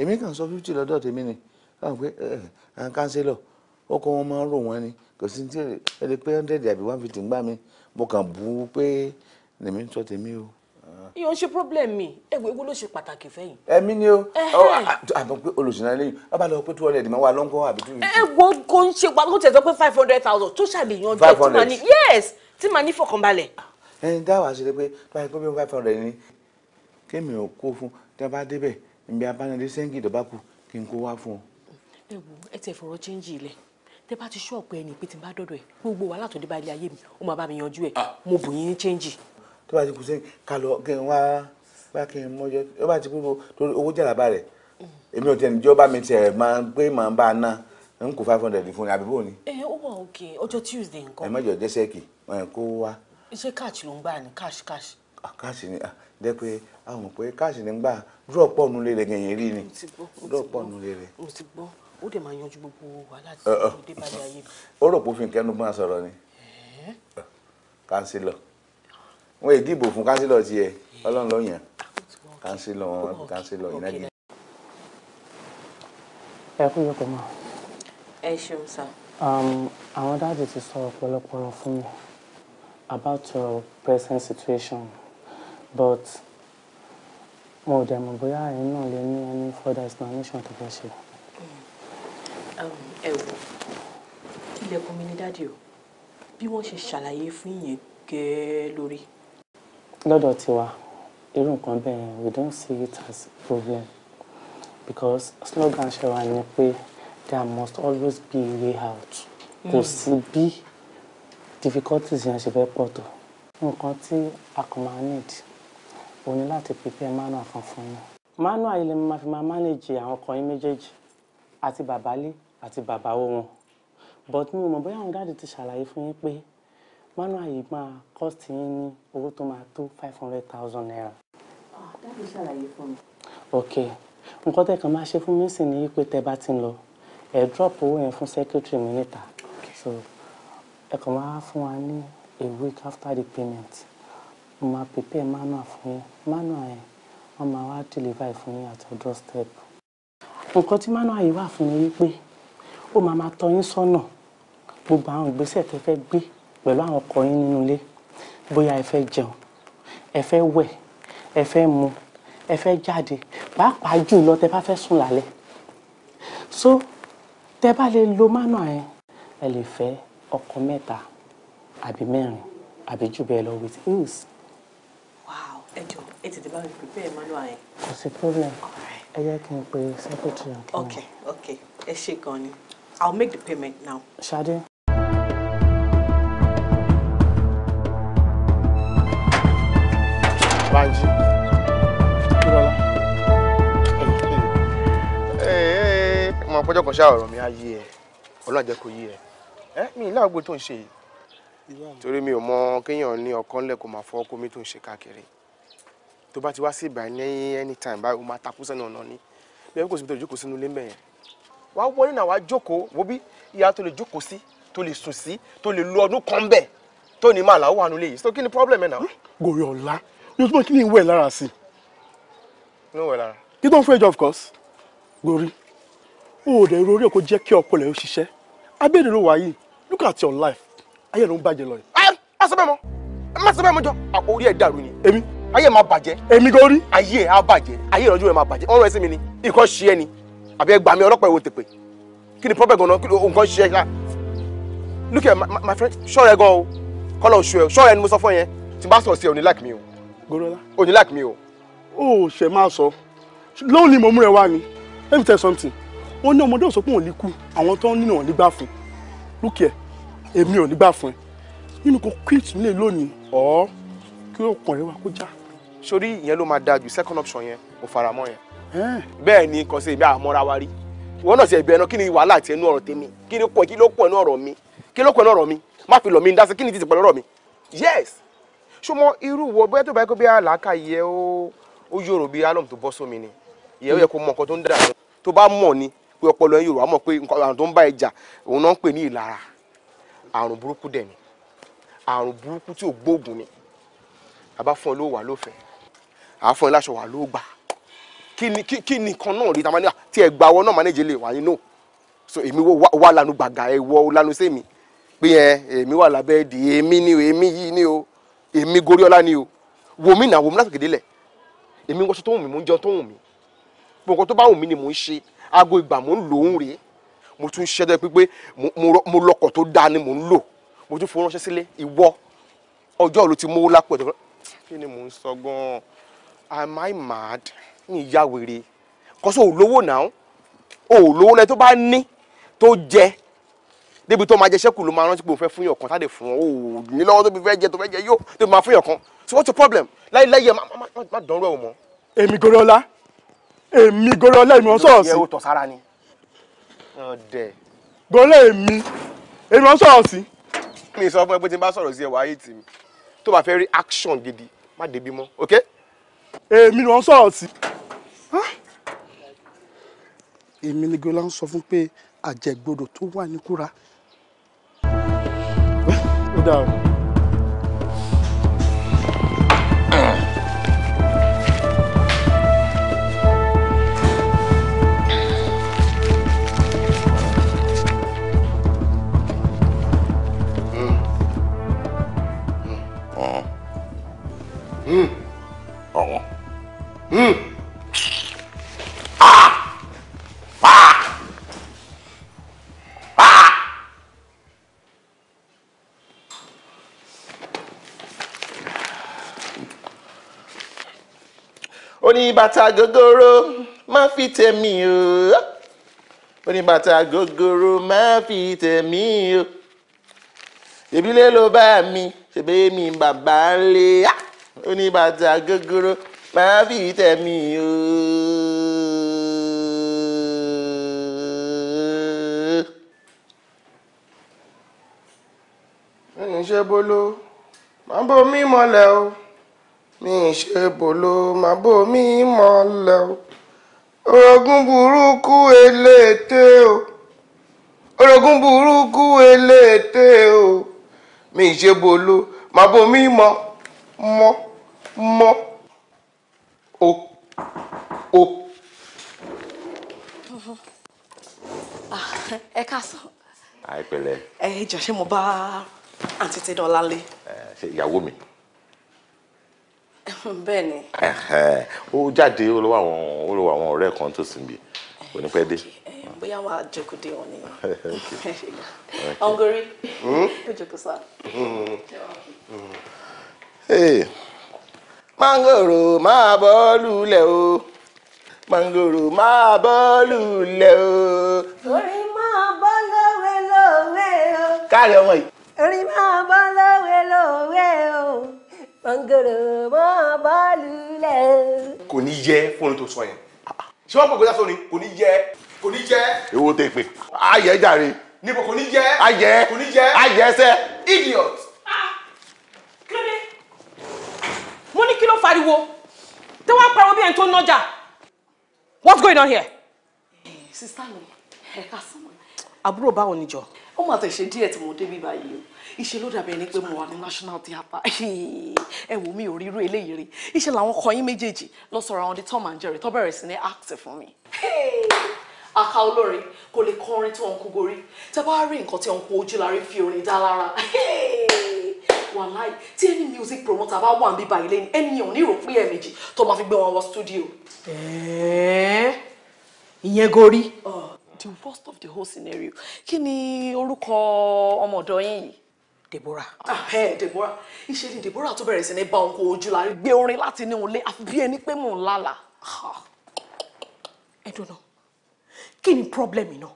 èmi kàn sọ fifty lọ́dọ̀ tèmi ni káwọn pé à ń kánsílọ̀ ọkọ wọn máa ń rò wọn ni kò sí ní ẹ lè pé hundred àbí one fifty ń gbà mí mo kàn bú pé lèmi ń sọ tèmi o iye ń ṣe problem mi ẹgbẹ́ ewu ló ṣe pàtàkì fẹ́yìn. ẹ̀mí ni o àbọ̀ pé olùsìnà lẹ́yìn ọba lọ pé two hundred mọ́ wa lọ́ngọ́ àbí two fifty. ẹ̀wọ̀n kò ń ṣe wa kó tẹ̀ sọ pé five hundred thousand tó ṣàlèyàn jẹ́ tí màá ní yes tí màá ní fọkànbalẹ̀. ẹni dáwà ṣe pé báyìí pé five hundred ni kémi ò kó debe tí a bá débẹ̀ ìgbé abánilé sẹ́ńgì ìdọ́bà kù kí n kó wá fún ọ. ẹ wo ẹ tẹ fọ̀rọ̀ chẹ́ńjì ilẹ̀ tẹ bá ti ṣọ́ọ̀pù ẹni pé tí n bá dọ́dọ̀ ẹ gbogbo wàhálà tó dé bá ilé ayé mi ó máa bá mi yanjú ẹ ah. mo bù yín ní chẹ́ńjì tó bá ti kù sí ká lọ kí n wá bá kí n mọ́jọ́ tó bá ti kú torí owó jàlábà rẹ̀ èmi ò tẹ̀lé ìjọba mi tiẹ̀ máa gbé màá bá a ná n kò five hundred fún ni àbí bò ni. ẹ ó wà òkè ọjọ́ tuesday nǹkan. ẹ má jọ jẹ́sẹ̀ kì kó wá. iṣẹ́ cash ló ń gbà ní cash cash. cash ni jẹ́ pé àwọn pé cash ni ń gbà rọ̀ pọ̀ nulẹ̀ rẹ̀ gẹ̀yìn rí ni rọ̀ pọ̀ nulẹ̀ rẹ̀. mo ti gbọ́ ó dẹ̀ máa yanjú gbogbo wàhálà tí ó dé bá dé ayé mi. ó rò pé òfin kẹ́nu máa sọ̀rọ̀ ni kánsílọ̀ wọn èdè ìbò fún kánsílọ̀ tiẹ̀ ọlọ́run ló yàn kánsílọ̀ wọn kánsílọ̀ ìnájì. ẹ kú yọkọ mọ. ẹ ṣeun sá. Um, àwọn dáàdì ti sọ ọ̀pọ̀lọpọ̀ ọ̀rọ̀ fún mi about your present situation but mo ò dẹ̀ mọ̀ bóyá ẹ̀yin náà lè ní any further explanation tó fẹ́ ṣe. Mm. Um, ẹ wò ilẹ̀kùn mi ni dáàdì o bí wọ́n ṣe ṣàlàyé fún yẹn gẹ́ẹ́ lórí lọ́dọ̀ tiwa irú nǹkan bẹ́ẹ̀ we don't see it as a problem because slogan ṣe wà ní pé there must always be a way out kò hmm. sí bí difficulties yẹn ṣe fẹ́ pọ̀ tó nǹkan tí a kò máa need o ní láti prepare manual kan fún yín manual yìí lè máa fi máa manage àwọn ọkọ yín méjèèjì àti bàbá lé àti bàbá owó wọn but mi ò mọ̀ bóyá àwọn dáàdì ti ṣàlàyé fún yín pé manual yìí máa cost yín ní owó tó máa tó five hundred thousand naira. Ah, dábì ṣàlàyé fún mi. ok nǹkan tẹ́ kàn máa ṣe fún mi sì ni pé tẹ́ bá ti ń lọ ẹ̀ drop owó yẹn fún secretary mi níta so ẹ kàn máa fún wa ní a week after the payment mo máa prepare manual fún yín manual yẹn wọ́n máa wá deliver fún yín at your doorstep. nǹkan tí manual yìí wà fún ni wípé ó máa máa tọ́ yín sọ́nà gbogbo àwọn ìgbésẹ̀ tẹ́ fẹ́ gbé pẹ̀lú àwọn ọkọ yín nínú ilé bóyá ẹ fẹ́ jẹun ẹ fẹ́ wẹ̀ ẹ fẹ́ mu ẹ fẹ́ jáde pàápàá jùlọ tẹ bá fẹ́ sùn lálẹ́ so tẹ bá lè lo mánà yẹn ẹ lè fẹ́ ọkọ mẹ́ta àbí mẹ́rin àbí jù bẹ́ẹ̀ lọ with heels. wow ẹ jọ ẹ tètè bá mi prepare mánà yẹn. kò sí problem ẹ jẹ́ kí n pe secretary. ok ok ẹ ṣe gan ni i will make the payment now. Ṣadé. kan pọ́jọ́ kan ṣáà ọ̀rọ̀ mi á yé ẹ ọlọ́run jẹ́ kó yé ẹ ẹ mi ìlà àgbo tó ń ṣe torí mi ò mọ kéèyàn ní ọkàn lẹ̀ kó máa fọ́ kó mi tó ń ṣe káàkiri tó bá ti wá sí ìbàyẹn ní anytime báyìí ó máa takú sẹ́nu ọ̀nà ni bí ẹ kò sí tó lè jókòó sínú ilé mbẹ̀yẹn wàá wọlé náà wàá jókòó wo bí ìyá tó lè jókòó sí tó lè sùn sí tó lè lu ọdún kan bẹ́ẹ̀ tó ní máa làwọn àánú lè yìí so kí ni problem ẹ náà. gòrè o tún bọ́ kí o ò dẹ̀ rorí ẹ̀ kó jẹ́ kí ọpọlọ ẹ̀ ó ṣiṣẹ́ ló wà yìí look at your life ayé ló ń bàjẹ́ lọ yìí. ẹ má sọ bẹ́ẹ̀ mọ́ ẹ má sọ bẹ́ẹ̀ mọ́ jọ àkórí ẹ̀ dàrú ni. èmi ayé máa bàjẹ́. èmi gan rí. ayé ẹ̀ á bàjẹ́ ayé ìrọ̀jú ẹ̀ máa bàjẹ́ ọ̀rọ̀ ẹ̀ sí mi ni nǹkan ṣe ẹ ni àbí ẹ gbà mí ọlọ́pàá ẹ̀ wò tèpè kí ni problem gan-an nǹkan ṣe ẹ ṣá. look at my friend ṣọ́ọ̀rẹ́ gan o kọ́lọ̀ oṣù ẹ̀ ṣọ́ọ̀rẹ́ ni mo sọ fún ẹ yẹn tí ò ní like mi o. gorola ò ní like mi o. o ṣe máa sọ lónìí mo mú ẹ wá ni let me tell something wọ́n ní ọmọdé òsókùn ò ní kú àwọn tó ń nínú ò ní gbà fún lókè ẹ̀ èmi ò ní gbà fún ẹ nínú kò quit nílé lónìí ọ̀ kí ọkàn rẹ wá kó já. sórí ìyẹn ló máa dáa ju second option yẹn mo fara mọ́ yẹn. bẹ́ẹ̀ ni nǹkan ṣe ìbí àmọ́ra wa rí ìwọ náà ti ẹ̀bẹ̀ ẹnu kí ni wàhálà àti ẹnu ọ̀rọ̀ tèmi kí ni kí ló pọ̀ ẹnu ọ̀rọ̀ mi kí ló pọ̀ ẹnu ọ̀rọ̀ mi má fi lọ̀ mi dá sí kí ni ti ti pẹ̀lú ọ̀rọ̀ mi yes ṣùgbọ́n irú wo bóyá tó bá yẹ kó bí àlàkà yẹ ó yòrò bí alọ́m tó bọ́ sómi ni ìyẹn ó yẹ kó mọ nǹkan tó ń dà tó bá mọ̀ ni pé ọpọlọ yín Yorùbá mọ̀ pé àrùn tó ń bá ẹja òun náà ń pè ní ìlara àrùn burúkú dẹ̀ ni àrùn burúkú tí ò gbóògùn ni àbá fún ọ ló wà lófẹ̀ẹ́ àá ẹ láṣọ wà ló gbà kí ni kan náà rí tamani tí ẹ gba ọwọ́ náà manage lè wáyé náà so èmi wà lánàá gbàgà ẹ wọ lánàá sẹ́mi pé yẹn èmi wà lábẹ́ di èmi ni o èmi yìí ni o èmi Goriola ni o wòmí nà wòmí lásìkò délẹ̀ èmi wọ́n tó wù mí mò ń jẹun tó wù mí gbogbo tó bá wù mí ni mò ń ṣe aago ìgbà mò ń lò ó ń rèé mo tún ṣiṣẹ́ tó yẹ mo lọkọ̀ tó dáa ni mò ń lò mo tún fowó ránṣẹ́ sílé ìwọ ọjọ́ ló ti mówó lápò ẹ̀dọ́ kí ni mò ń sọ gan am I mad ní ìyá wèrè kọ́sọ́ ò lówó náà ò lówó náà tó bá ní tó jẹ débi tó máa jẹ ṣẹ́kù ló máa rántí pé òun fẹ́ fún yàn kan tá fún ọ ní lọ́wọ́ tó fi fẹ́ jẹ tó fẹ́ jẹ yóò tó máa fún yàn kan so what's the problem láyé láyé má dánwó ẹ̀ wò mọ́. èmi gòrò ọlá èmi gọlọlẹ èmi wọn sọọsì. yẹ o tọ sára ni. gọlẹ èmi èmi wọn sọọsì. mi sọ fún ẹ pé tí n bá sọ̀rọ̀ sí ẹ wàá yé tì mí tó bá fẹ́ rí action gidi má débi mọ́ ok. èmi wọn sọọsì. èmi ni gọlá ń sọ fún pé àjẹgbọdọ tó wà ní kúra. ó dáa o. Hmm. oníbàtà gogoro má fi tèmi o oníbàtà gogoro má fi tèmi o ìbílẹ̀ ló bá mi ṣèbéyé mi bàbá ńlẹ̀ ah! oníbàtà gogoro máa fi tẹ̀mí o. mi ṣe bolo máa bo mi mọ́lẹ̀ o mi ṣe bolo máa bo mi mọ́lẹ̀ o orogún burúkú eléèté o orogún burúkú eléèté o mi ṣe bolo máa bo mi mọ́ mọ́ mọ́ o o. ẹ káàsán. àìpẹ̀lẹ́. ẹ jọ ṣé mo bá àǹtí tí dọ́là lé. ṣe ìyàwó mi. bẹ́ẹ̀ ni. ó jáde ó lọ́wọ́ àwọn ó lọ́wọ́ àwọn ọ̀rẹ́ kan tó sìn bí kò ní pẹ́ dé. bóyá wà á jókòó dé wọn nìyẹn. ọ̀ngọ̀rí ó jókòó sá. Hmm. Hmm. Mangoro máa bọ́ lulẹ̀ o mangoro máa bọ́ lulẹ̀ o. orí máa bọ́ lówe lówe o. káàrí ọmọ yìí. orí máa bọ́ lówe lówe o mángòrò máa bọ́ lulẹ̀ o. kò ní yẹ fóònù tó sọ yẹn ṣé wọn gbọgbẹ sásọ ni kò ní yẹ kò ní jẹ. èwo tẹ pé ayẹ jàre. níbo kò ní jẹ. ayẹ kò ní jẹ. ayẹ sẹ. idiot. mo ní kí ló fariwo tí wọ́n pariwo bí ẹni tó nájà what's going on here. sista mi ẹ ká sọmọ. àbúrò báwo ni jọ. ó mà tẹ̀ ṣe díẹ̀ tí mo débi báyìí o iṣẹ́ ló dàbí ẹni pé mo wà ní national theatre ẹ wò mí ò rí irú eléyìí rí iṣẹ́ làwọn kọyín méjèèjì lọ sọ̀rọ̀ àwọn di Tom and Jerry tó bẹ̀rẹ̀ sí ní act fún mi. aka olórin kò lè kọrin tí wọn kú gorí tẹ bá rí nǹkan tí wọn kú ojú lára fi orin dá lára wàláì tí any music promoter bá wà ń bíbá ilé ni ẹni ò ní rò pé ẹ̀ẹ̀mejì tó máa fi gbé wọn wọ studio. ìyẹn gorí. the worst of the whole scenario kí ni orúkọ ọmọ ọ̀dọ́ yín yìí. Deborah. Ah, hey, Deborah. Iṣẹ́ ni Deborah tó bẹ̀rẹ̀ sí ní bá òun kó ojú la gbé orin láti ní òun lé àfi bí ẹni pé mò ń lálàá. Ẹ dùn náà, kí ni problem náà?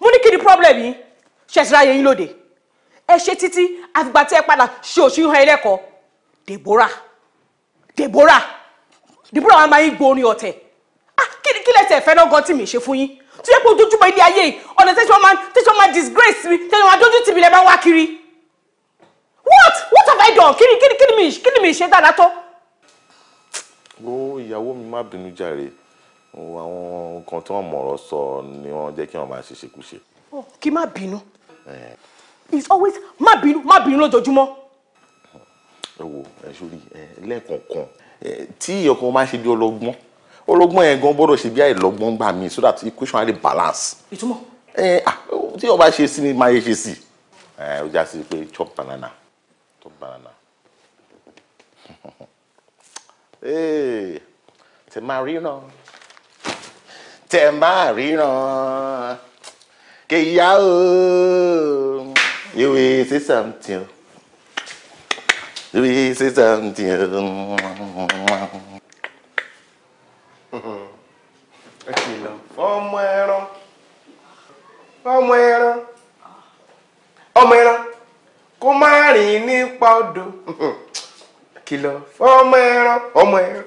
Mo ní kí ni problem yìí? Ṣẹ̀ṣẹ̀ ayé yín lóde ẹ ṣe títí àfìgbà tí ẹ padà ṣe òṣìyàn ẹlẹ́kọ̀ọ́ Deborah Deborah Deborah wọn máa ń gbórin ọ̀tẹ̀ ah, kí lẹ́sẹ̀ ẹ̀fẹ́ náà gan tí mi ṣe fún yín tó yẹ pé ojoojúmọ́ ilé ayé ọ̀nà tẹ́sí wọn máa tẹ́sí wọn máa disgrace mi tẹ́sí wọn máa dójú tì mí lẹ́ wá kiri what what have I done kí ni kí ni kí ni mi kí ni mi ṣe dáadáa tó. wo ìyàwó mi má bínú jàre àwọn nǹkan tí wọ́n mọ̀ọ́rọ̀ sọ ni wọ́n jẹ́ kí wọ́n máa ṣe ṣekúṣe. Oh, kí má bínú it's always má bínú má bínú lójoojúmọ́. ẹ wo ẹ sórí ẹ lẹ́ẹ̀kọ̀ọ̀kan tí ọkàn máa ṣe bí ọlọ́gbọ́n ọlọ́gbọ́n yẹn gan gbọ́dọ̀ ṣe bí àìlọ́gbọ́n gbà mí so that equation á lè balance. ìtumọ̀. ẹ ah tí ọba ṣe sí ni máa yẹ ṣe sí ẹ ó já sí pé chop banana chop banana tẹ máa ríran tẹ máa ríran kéyà ooo. You will see something. You will oh, something. Aquilo. oh, ẹran. Ọmọ oh. Ọmọ ẹran. Kó má rìn nípa odò. Kìlọ̀ fọ́mọ ẹran. Ọmọ oh,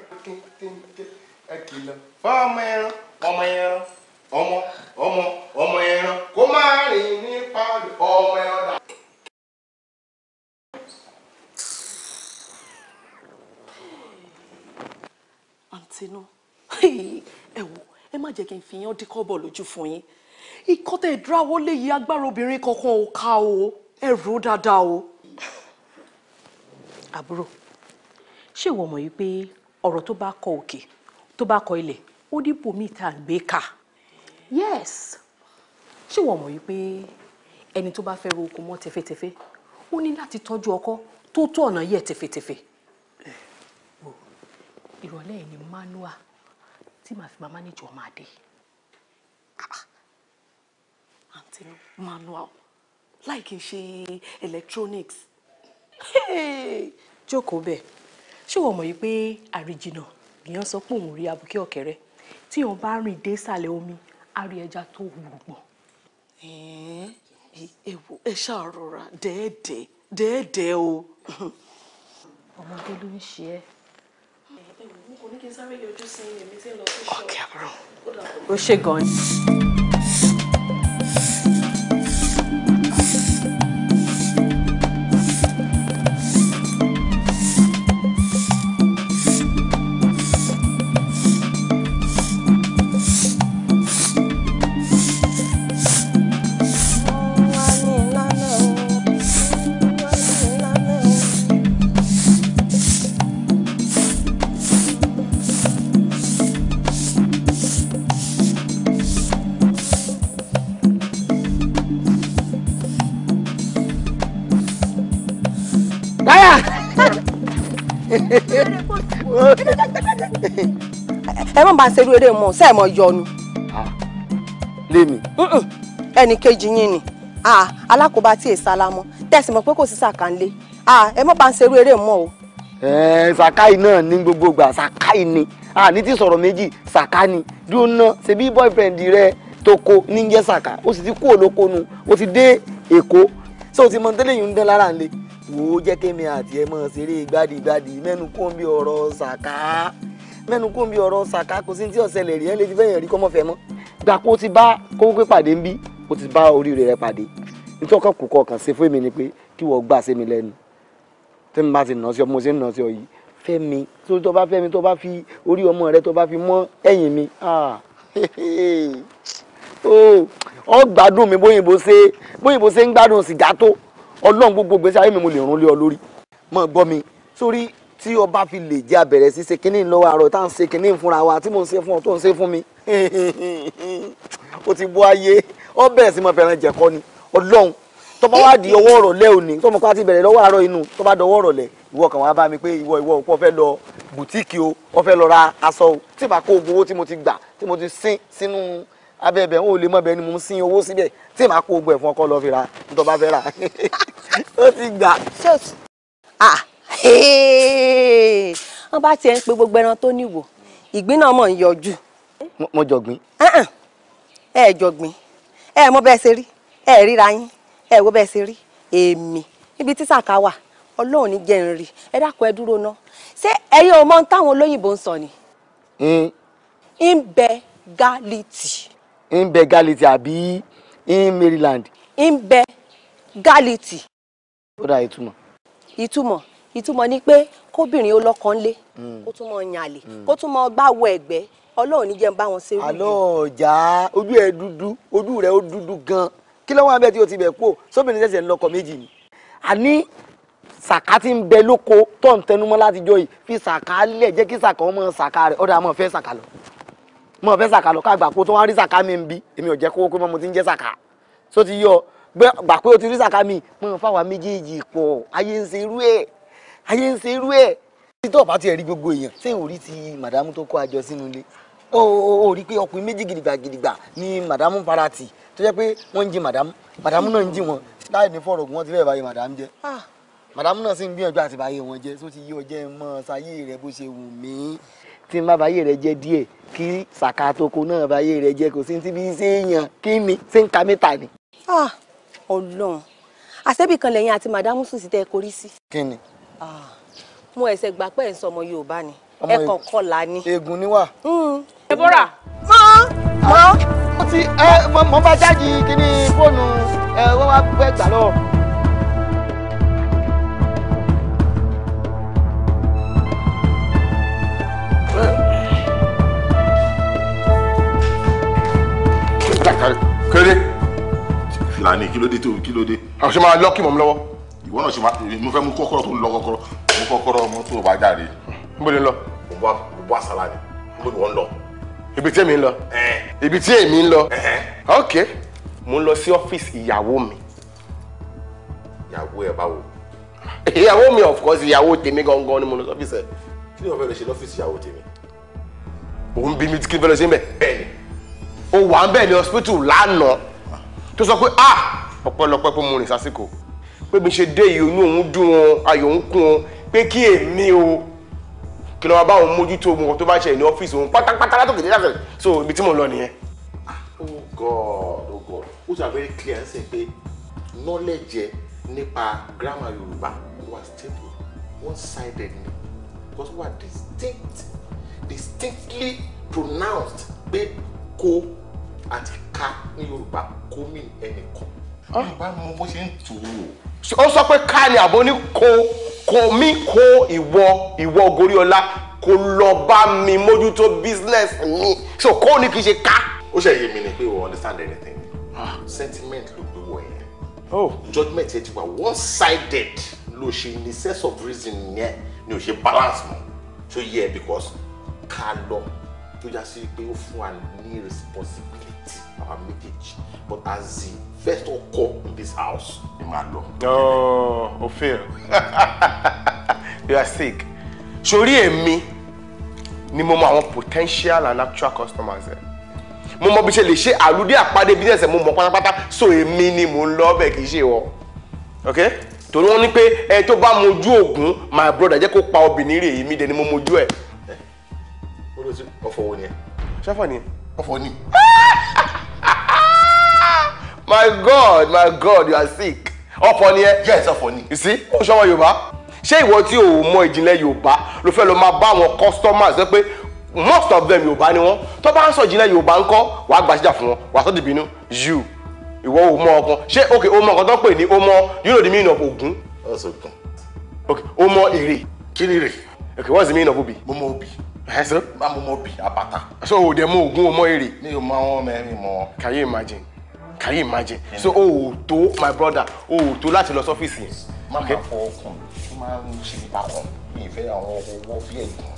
Kìlọ̀ fọ́mọ oh, Ọmọ ẹran. oh ọmọ ọmọ ẹran kó má rìn ní pàdé ọmọ ẹran. àǹtínú ẹ wò ẹ má jẹ́ kí n fi yán dín kọ́bọ̀ lójú fún yín ikọ́ tẹ̀ ìdúráwọ́ lè yí agbára obìnrin kankan ò ká o ẹ dáadáa o. àbúrò ṣé ìwọ mọ̀ yìí pé ọ̀rọ̀ tó bá kọ òkè tó bá kọ ilẹ̀ ó dípò míì tá gbé kà yes ṣé wọ́n mọ̀ wípé ẹni tó bá fẹ́ ro oko mọ́ tẹfẹ́tẹfẹ́ ó ní láti tọ́jú ọkọ tó tó ọ̀nà yẹ tẹfẹ́tẹfẹ́ ìrọ̀lẹ́ ẹ̀ ní manua tí màá fi máa mánéjì ọmọ adé ah, àǹtí manua láì kí n ṣe electronics jókòó bẹ́ẹ̀ ṣé wọ́n mọ̀ yìí pé àríjìnà nìyẹn sọ pé òun rí abùkẹ́ ọ̀kẹ́rẹ́ tí wọ́n bá rìn dé ìsàlẹ̀ omi àrí ẹja tó wù pọ̀. ẹ wo ẹ ṣàrọra dẹ́ẹ̀dẹ́ dẹ́ẹ̀dẹ́ o. ọmọdé ló ń ṣe ẹ́. ó ṣe gan-an. máa ṣerú eré mọ ṣe é mọ yọnu. Ah, lémi. ẹnì kejì yín ni ah, alákòóbá tí èsà la mọ tẹsí mọ pé kò sí sàkánlé ah, ẹ mọ bá ń ṣerú eré mọ o. Eh, sàkáì náà ní gbogbo ìgbà sàkáì ni àní tí sọ̀rọ̀ méjì sàká ni dúró ná ṣebí boyfriend rẹ toko ní jẹ́ sàká ó sì ti kú olóko nu ó ti dé èkó ṣé o ti mọ tẹ́lẹ̀ yìí ń dán lára ńlẹ̀ wò ó jẹ́ kémi àti ẹ̀ mọ̀ ṣeré gbádìgbádì mẹ́nu kó ń bí ọ̀rọ̀ sàká mẹ́nu kó mi ọ̀rọ̀ ṣàkà kò sí ní tí ọ̀sẹ̀ lè rí ẹ́ lè ti fẹ́yìn rí kọ́mọ́ fẹ́ mọ́ gbà kó ti bá kókó pé pàdé ń bí ó ti bá oríire rẹ pàdé nítorí ọkàn kò kọkàn ṣe fún èmi ni pé kí wọ́n gbà sí mi lẹ́nu tí mo bá ti nà sí ọ mo ṣe ń nà sí ọ yìí fẹ́ mi tó bá fẹ́ mi tó bá fi orí ọmọ rẹ tó bá fi mọ́ ẹ̀yìn mi ọ gbádùn mi bóyìnbó ṣe bóyìnbó ṣe ń gbádùn sìgá tó ọlọ́run gbogbo gbèsè ayé mi mo lè rún lé ọ lórí mọ̀ gbọ́ mi sórí tí o bá fi lè jẹ́ abẹ̀rẹ̀ sí ṣe kínní lọ́wọ́ àárọ̀ tá à ń ṣe kínní fúnra wa tí mò ń ṣe fún ọ tó ń ṣe fún mi o ti bọ́ ayé ọ bẹ̀rẹ̀ sí mo fẹ́ràn jẹ̀kọ́ ni ọlọ́run tó bá wá di ọwọ́ ọ̀rọ̀ lẹ́ òní tó mọ̀ pé a ti bẹ̀rẹ̀ lọ́wọ́ àárọ̀ inú tó bá dọwọ́ ọ̀rọ̀ lẹ̀ ìwọ kan wá bá mi pé ìwọ ìwọ òkú ọ̀fẹ́ lọ bùtíìkì o ọ̀fẹ́ lọ ra aṣọ o tí bá kó owó tí mo ti gbà tí mo ti sín sínú abẹ́bẹ̀ ń ò lè mọ̀ bẹ́ẹ̀ ni mo ń sin owó síbẹ̀ tí màá kó gbẹ̀ fún ọkọ lọ fi ra nítorí bá fẹ́ rà ó ti gbà wọ́n bá tiẹ̀ ń pe gbogbo ẹran tó níwò ìgbín náà mọ̀ ń yọjú. mo jọ̀gbìn. ẹ jọ̀gbìn ẹ mọ bẹ́ẹ̀ ṣe rí ẹ ríra yín ẹ wo bẹ́ẹ̀ ṣe rí èmi níbi tí sàkà wà ọlọ́run ní jẹ́ ń rí ẹ dákun ẹ dúró ná ṣé ẹ̀yin ò mọ ohun táwọn olóyìnbó ń sọ ni. imbegality. imbegality àbí in Maryland. imbegality. ó dà ìtumọ̀. ìtumọ̀ ìtumọ̀ ni pé kóbìnrin ó lọ́kàn lé hmm. kó tún mọ yànlè hmm. kó tún mọ gbáwọ ẹ̀gbẹ́ ọlọ́run ní jẹ́ ń bá wọn ṣe rú. àlọ́ ọ̀já ojú ẹ̀ dúdú ojú rẹ̀ ó dúdú gan kí ló wà tí o ti bẹ̀ kú sóbìnrin ṣẹ̀ṣẹ̀ ń lọ́kọ méjì ni. àní sàká ti ń bẹ lóko tó ń tẹnumọ́ láti jọ yìí fi sàká lẹ̀ jẹ́ kí sàká ọmọ sàká rẹ̀ ọ̀dà mọ̀ fẹ́ sàká lọ mọ̀ fẹ́ sàká lọ káàgbà kó tó wá rí sàká mi ń bí èmi ò jẹ́ kó pé mo ti ń jẹ́ sàká só ti yọ gbà pé o ti rí sàká mi mọ̀ fáwa méjèèjì pọ̀ ayé ń ṣe irú ẹ̀ ayé ń ṣe irú ẹ̀ títọ́ bá tiẹ̀ rí gbogbo èèyàn ṣé ò rí ti màdámù tó kó àjọ sínú ilé ó rí pé ọkùnrin méjì gidigba gidigba ni màdámù parati tó jẹ́ pé wọ́n ń jí màdámù màdámù náà ń jí wọn láì ní fọ̀rọ̀ ògùn wọn ti fẹ́ẹ̀ báyìí màdámù jẹ́ ah. màdámù náà sì ń gbìyànjú àti báyìí wọn jẹ́ tó ti yí ọjẹ́ mọ́ sáyé rẹ bó ṣe wù mí tí n bá báyé rẹ jẹ díẹ̀ kí sàkàtoko náà báyé rẹ jẹ kò sí ti bí séèyàn kí ni ṣé ń ka mẹ́ta ni. Ah, Ọlọ́run àṣẹbìkan lẹ́yìn àti màdámù sùn sí tẹ korí sí. kí ni mo ẹsẹ̀ gbà pé ẹ̀ ń sọmọ Yorùbá ni ẹ kàn kọlà ni. egun ni wà. Hmm. Deborah mọ mọ. Ah, mo ti ẹ mo bá jáde kíní fóònù ẹ wọ́n wá gbẹ́ gbà lọ. kéré filani kí ló dé tó kí ló dé. àwọn ṣe máa lọ́ọ̀kì mi lọ́wọ́ ìwọ náà ṣe máa mo fẹ́ mú kọ́kọ́rọ́ tó ń lọ kọ́kọ́rọ́ mú kọ́kọ́rọ́ mọ́tò bá jáde. n bolo lọ. mo bọ àṣàlà ni mo bọ ń lọ. ibi tí èmi ń lọ. ibi tí èmi ń lọ. ok mo ń lọ sí ọ́fíìsì ìyàwó mi. ìyàwó ẹ̀ báwo. ìyàwó mi of course ìyàwó tèmi gangan ni mo lọ sọ́fíìsì ẹ̀. kí ni wọ́n fẹ́ lọ ṣe lọ́fíìsì ìyàwó tèmi. òun bí mi kí n fẹ́ lọ sí bẹ́ẹ̀. bẹ́ẹ̀ni. o wà ń bẹ́ẹ̀ ní hospital lánàá tó sọ pé ah ọ̀pọ̀lọpọ̀ pé mo rìn sásìkò pé mi ṣe dé yìí inú òun dùn wọn ayọ̀ ń kún wọn pé kí èmi o kí lọ́wọ́ bá òun mójútó mo tó bá ṣe ní ọ́fíìsì òun pátápátá látòkè nígbà tẹ̀lé so ibi tí mo lọ nìyẹn. oh god oh god ó sọ very clear ẹ sìn pé knowledge ẹ nípa grammar yorùbá wà stable one sided ni because wà distinct distinctly pronounced pé ko àti ka ní yorùbá kó mi ẹnìkan ah. yorùbá mọ bó ṣe ń tù ú o ó sọ pé ká ni àbọ̀ ní kò kò mí kò ìwọ ìwọ Ògoríọlá kò lọ bá mi mójútó business mi so kò ní kì í ṣe ká. ó ṣe yé mi ni pé you understand anything ah. sentiment ló gbé wọ yẹn oh judgement yẹn ti wà one sided ló ṣe ní sense of reason yẹn ni ò ṣe balance mọ tó yẹ because ká lọ tó já sí pé ó fún wa ní responsibility our méjèèjì but as in. First, ọkọ in this house ni màá lọ. ọ̀ọ́ oh, o you are sick Shori and me, ni mo mọ potential and actual customers ẹ mo mọ bí ṣe lè ṣe àlùdí àpàdé business ẹ mo mọ so èmi ni mo ń lọ ọbẹ kì í ṣe wọ ok torí wọn ní pé ẹ tó bá my brother jẹ kó pa obìnrin rè èmi dẹ ni mo mojú ẹ. ọfọ wo ni ẹ. ṣáfọ ni. ọfọ ni. Ah! my god my god you are sick. ọ̀fọ̀ ni ẹ. yes ọ̀fọ̀ ni. you see ó ṣọwọ́ yorùbá ṣé ìwọ tí o mọ ìjìnlẹ̀ yorùbá ló fẹ́ lọ máa bá àwọn customers pé most of them yorùbá ni wọn tó bá ń sọ ìjìnlẹ̀ yorùbá ńkọ́ wàá gbàṣíjà fún wọn wàá sọ dìbínú you ìwọ ò mọ ọkàn ṣé ok o mọ ọkàn tó pè ní o mọ you know the meaning of ogun. ọ̀sẹ̀ kan. ok o mọ èrè. kí ni èrè. ok what's the meaning of obi. mo mọ obi ẹsẹ. máa mú mọ bi àpáta. so o dẹ mú oògùn o mọ èrè. mi ò mọ àwọn ọmọ ẹni mọ. can you imagine can you imagine so o ò tó my brother o ò tó láti lọ sọ́fíìsì yẹn. má máa fọ ọkàn tó máa ń ṣe ìpàkọ́ mi ìfẹ́ àwọn owó bí ẹ̀gbọ́n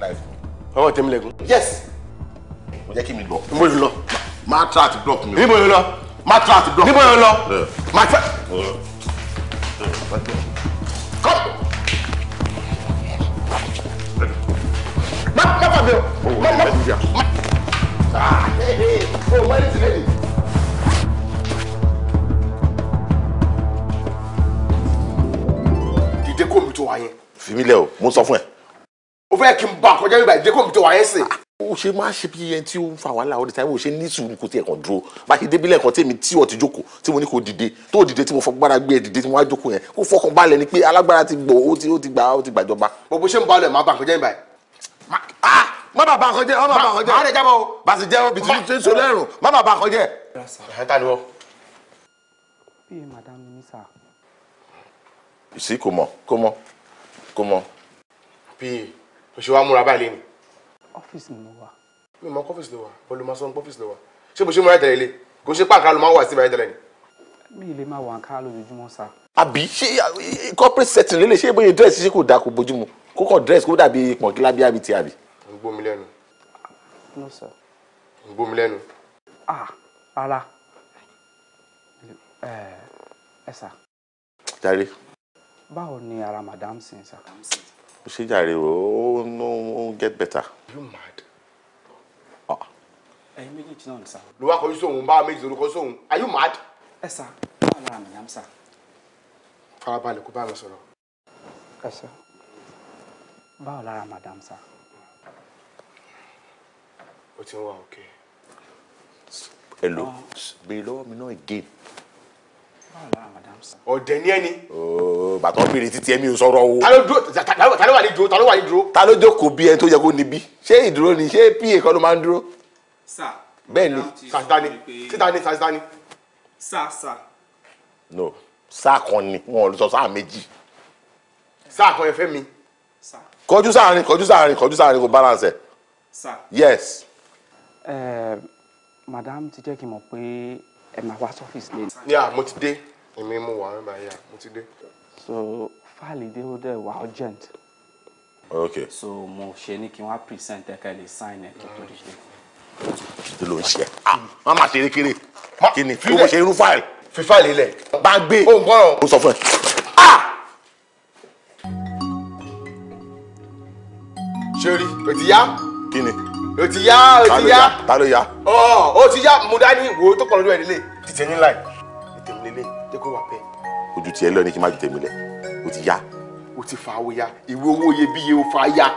láìpẹ́. ọwọ́ tèmi lẹ́gùn. yes. o jẹ́ kí mi lọ. mo lè lọ. Ma tra àti block mi. níbo yóò lọ. Ma tra àti block mi. níbo yóò lọ. máa tra. come. Ma, ma, ma, ma, ma, ma, ma, ma, ma, ma, ma, dìde kó mi tó wà yẹn. fìmílẹ̀ o mo sọ fún ẹ. o fẹ́ kí n bá àkọjá mi bá ìdílé kó mi tó wà yẹn o ṣe máa ṣe bí ẹni tí ó ń fa wàhálà all the time o ṣe ní sùúrù kò tiẹ̀ kàn dúró bá ṣe débílẹ̀ kan tèmi tí o ti jókòó tí mo ní kó dìde tó dìde tí mo fọgbára gbé ẹ dìde tí mo wá jókòó yẹn kó fọkàn balẹ̀ ni pé alágbára ti gbọ́ o ti ó ti gbà ó ti gbàjọba. gbogbo ṣé ń balẹ̀ máa bá àkọjá mi báyìí. má bàa bá àkọjá má bàa bá àkọjá. má lè jábọ̀ o. bàtì jẹ́ obì tí ń so lẹ́rùn má bàa bá àkọjá. ẹ̀ sí kò mọ̀ kò mọ̀ kò mọ̀. pa o ṣe wá múra báyìí lẹ́nu. ọ́fíìsì mi wà. mi mọ kọ́fíìsì ló wà bọ́ọ̀lù máa sọ ọ́fíìsì ló wà ṣé bó ṣe múra ìtẹ̀lẹ̀ lé kò ṣe pàǹkà ló máa wà sí ìbáyìí ni. mi ì lè máa wà ń ká lójoojúmọ́ sá. àbí ṣé corporate setting lè lè ṣe bóyá dress ṣe kò dáa kò bójúmu kó kàn dress kó dàbí pọ̀nkílá bí àbí ti àbí. ń eh, ẹ báwo ni ara madam sin sa. ó ṣe jàre o ó get better. you mad. Ah. ẹyin méjèèjì náà ni sá. ló wá kọjú sóhun bá méjì lórúkọ sóhun are you mad. ẹ sá báwo lára madam sá. farabalẹ̀ kó bá mi sọ̀rọ̀. ẹ sá báwo lára madam sá. ó ti wá òkè. hello bèrè lọ́wọ́ mi náà again. báwo lára ọ̀dẹ̀ ní ẹni. Oh, bàtọ́ bèrè títí ẹ̀mí ò sọ̀rọ̀ o. ta ló wà ní dúró ta ló wà ní dúró. ta ló jókòó bí ẹni tó yẹ kó níbí ṣé ìdúró ni ṣé pa kọ́ ló máa ń dúró. sa bẹ́ẹ̀ ni sàṣìdáni sàṣìdáni sàṣìdáni. Sa sa. no Sa kan ni wọn ò sọ sà méjì. Sa. kan ẹ fẹ́ mi. kọjú sáàrin kọjú sáàrin kọjú sáàrin kò balance ẹ. yes. Uh, madam ti jẹ́ kí n mọ̀ pé ẹ máa wá sọ́fíìsì lẹ́nu. yà mo ti dé èmi mú wà nígbà yà mo ti dé. so fáìlì dé ó dẹ̀ wà urgent. Okay. so mo ṣe ní kí wọ́n present ẹ̀ka ẹ̀ lè sign ẹ̀ kí n tó di ṣe. kí ah má má ṣe erékeré kí ni kí mo ṣe irú file. fi fáìlì lẹ̀. bá a gbé o gbọ́dọ̀. mo sọ fún ẹ. ṣé o rí o ti yá. kí ni o ti yá o ti yá. ta ló yá. ọ oh, o ti yá mo dání wo tó kọ̀ lójú ẹ̀ nílé tìtẹ̀ ní láì jẹ́ kó wà pẹ́. ojú tiẹ̀ lọ ní kí n má ju tèmi lẹ̀ o ti yá. o ti fa owó ya ìwé owó iyebíye o fa ya.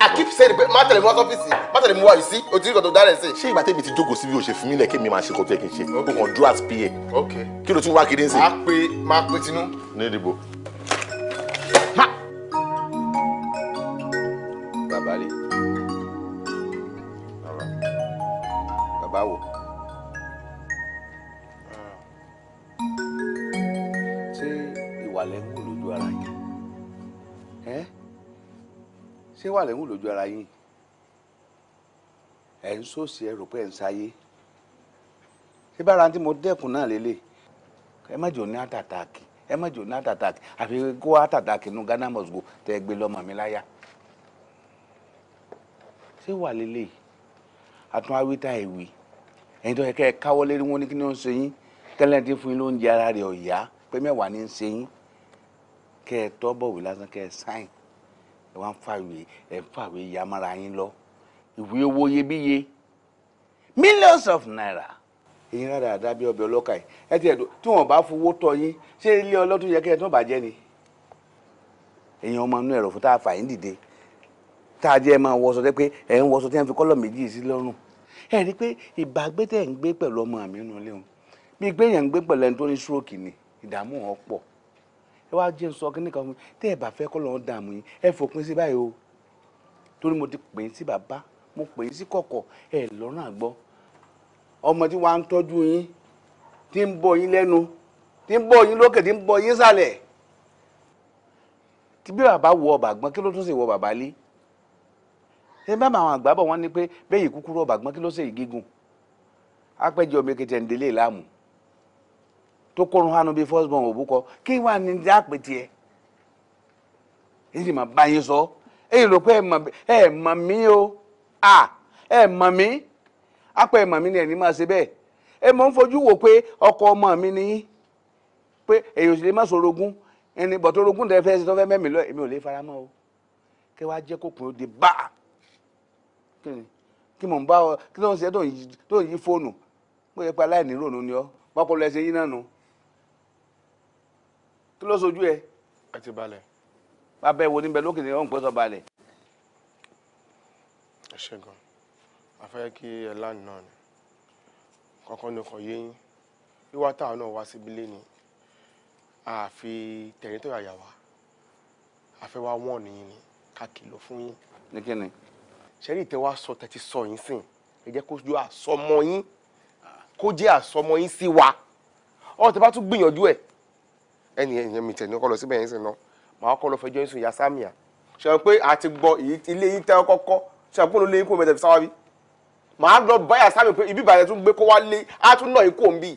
I keep saying pé má tẹ̀lé mi wá sọ́fíìsì má tẹ̀lé mi wá ìsí o ti rí kòtò dára ẹ̀sìn. ṣé ìgbà tèmi ti jókòó sí bí o ṣe fún mi lẹ̀ kí mi máa ṣe kòtò ẹ̀ kí n ṣe o kàn dúró as pa. kí ló tún wá kiri ń sìn. máa pe máa pe tinú. ní ìdìbò. bàbá rè bàbá wò. lẹ́ ń wò lójú ara yín ẹ́ ṣé wà lẹ́ ń wò lójú ara yín ẹ̀ ń sòsì ẹ̀ rò pé ẹ̀ ń sáyé ṣé bára tí mo dẹ́kun náà lélẹ̀ ẹ má jò ní àtàtàkì ẹ má jò ní àtàtàkì àfi kó àtàtàkì nu Ghana must go tẹ ẹ gbé lọ́mọ mi láyà ṣé wà lélẹ̀ àtún awítá ìwé ẹ̀yin tó yẹ kẹ́ ẹ káwọ́ lérí wọn ní kí ni ó ń ṣe yín kẹ́lẹ́ ti fún yín lóúnjẹ ara rẹ̀ ọ̀yá pé mẹ́wàá ní ń ṣe yín kẹ́ ẹ tọ́bọ̀wé lásán kẹ́ ẹ sáìn ẹ wá ń fàwé ẹ ń fàwé ya yín lọ ìwé owó iyebíye millions of naira èyí rárá àdábí ọbẹ̀ ọlọ́kà yìí ẹ ti ẹ̀dùn tí wọ́n bá fowó tọ́ yín ṣé ilé ọlọ́tún yẹ kẹ́ ẹ tán bàjẹ́ ni èyàn ọmọ inú ẹ̀rọ fún tá a fà yín dìde tá a jẹ́ ẹ máa wọṣọ tẹ́ pé ẹ̀ ń wọṣọ tí wọ́n fi kọ́lọ̀ méjì sí lọ́rùn ẹ rí pé ìbágbé tẹ̀ ń gbé pẹ̀lú ọmọ àmì inú ilé bí gbé yẹn ń gbé pẹ̀lú ẹni tó ní stroke ni ìdààmú wọn pọ̀ ẹ wá jẹ́ n sọ kí nìkan fún mi tẹ́ ẹ bá fẹ́ kọ́ lọ́ọ́ dààmú yín ẹ fòpin sí báyìí o torí mo ti pè é sí bàbá mo pè é sí kọ̀kọ̀ ẹ lọ́rùn àgbọ́ ọmọ tí wàá ń tọ́jú yín tí ń bọ́ yín lẹ́nu tí ń bọ́ yín lókè tí ń bọ́ yín sàlẹ̀ tí bí bàbá wọ ọba gbọ́n kí ló tún sì wọ bàbá lé ẹ bá àwọn àgbà bọ̀ wọ́n ní pé bẹ́ẹ̀ yìí kúkúrú ọba gbọ́n kí ló sì gígùn apẹ́jọ́ mi kìtẹ̀ ń délé láàmú tó kórun hánu bíi first born òbúkọ kí wà ní ní àpètì ẹ èyí sì máa bá yín sọ èyí rò pé ẹ mọ̀ mí o à ẹ mọ̀ mí apẹ mọ̀ mí ni ẹni máa ṣe bẹ́ẹ̀ ẹ mọ̀ ń fojú wò pé ọkọ ọmọ mi ni yín pé èyí ò sì lè má sọ̀rọ̀ ogún ẹni bọ̀tọ̀ ogún tẹ fẹ́ ṣe tó fẹ́ mẹ́mí lọ èmi ò lè fara mọ́ o kí wàá jẹ́ kó kùn ó di bá kí mò ń bá ọ kí ló ń ṣe tó ń yí fóònù pé ẹ pa aláìní rònú ni ọ wọ́n kọ́ lọ ẹsẹ̀ yín náà nù kí ló sojú ẹ. ẹ ti balẹ̀. bàbá ẹ wo níbẹ̀ lókè ní ọ̀hún pẹ́sọ̀ balẹ̀. ẹ ṣe gan a fẹ́ kí ẹ láàánú náà ni kọ́kọ́ ní ọkọ̀ yéyín wíwá táwọn náà wá síbi léni àfi tẹ̀yìn tó yàyà wá a fẹ́ wá wọ́n nìyí ni ká kìlọ̀ fún yín. ní kí ni. ṣẹ́rí ìtẹ́ wá sọ tẹ́tí sọ yín sìn ẹ jẹ́ kó ju àsọmọ yín kó jẹ́ àsọmọ yín sí wa ọ̀ tẹ́ bá tún gbìyànjú ẹ̀ ẹni ẹ̀yẹn mi tẹ̀lé ọkọ lọ síbẹ̀ yẹn sì ná màá kọ́ lọ fẹjọ́ sùn ìyá sámìà ṣe pé a ti gbọ́ ilé yín tẹ́ ọkọ kọ́ ṣe pé olóyè kó mẹ́tẹ̀ fi sáwá bí màá lọ báyà sámì pé ibi ìbàdàn tún gbé kó wá lé á tún náà ikú òǹbí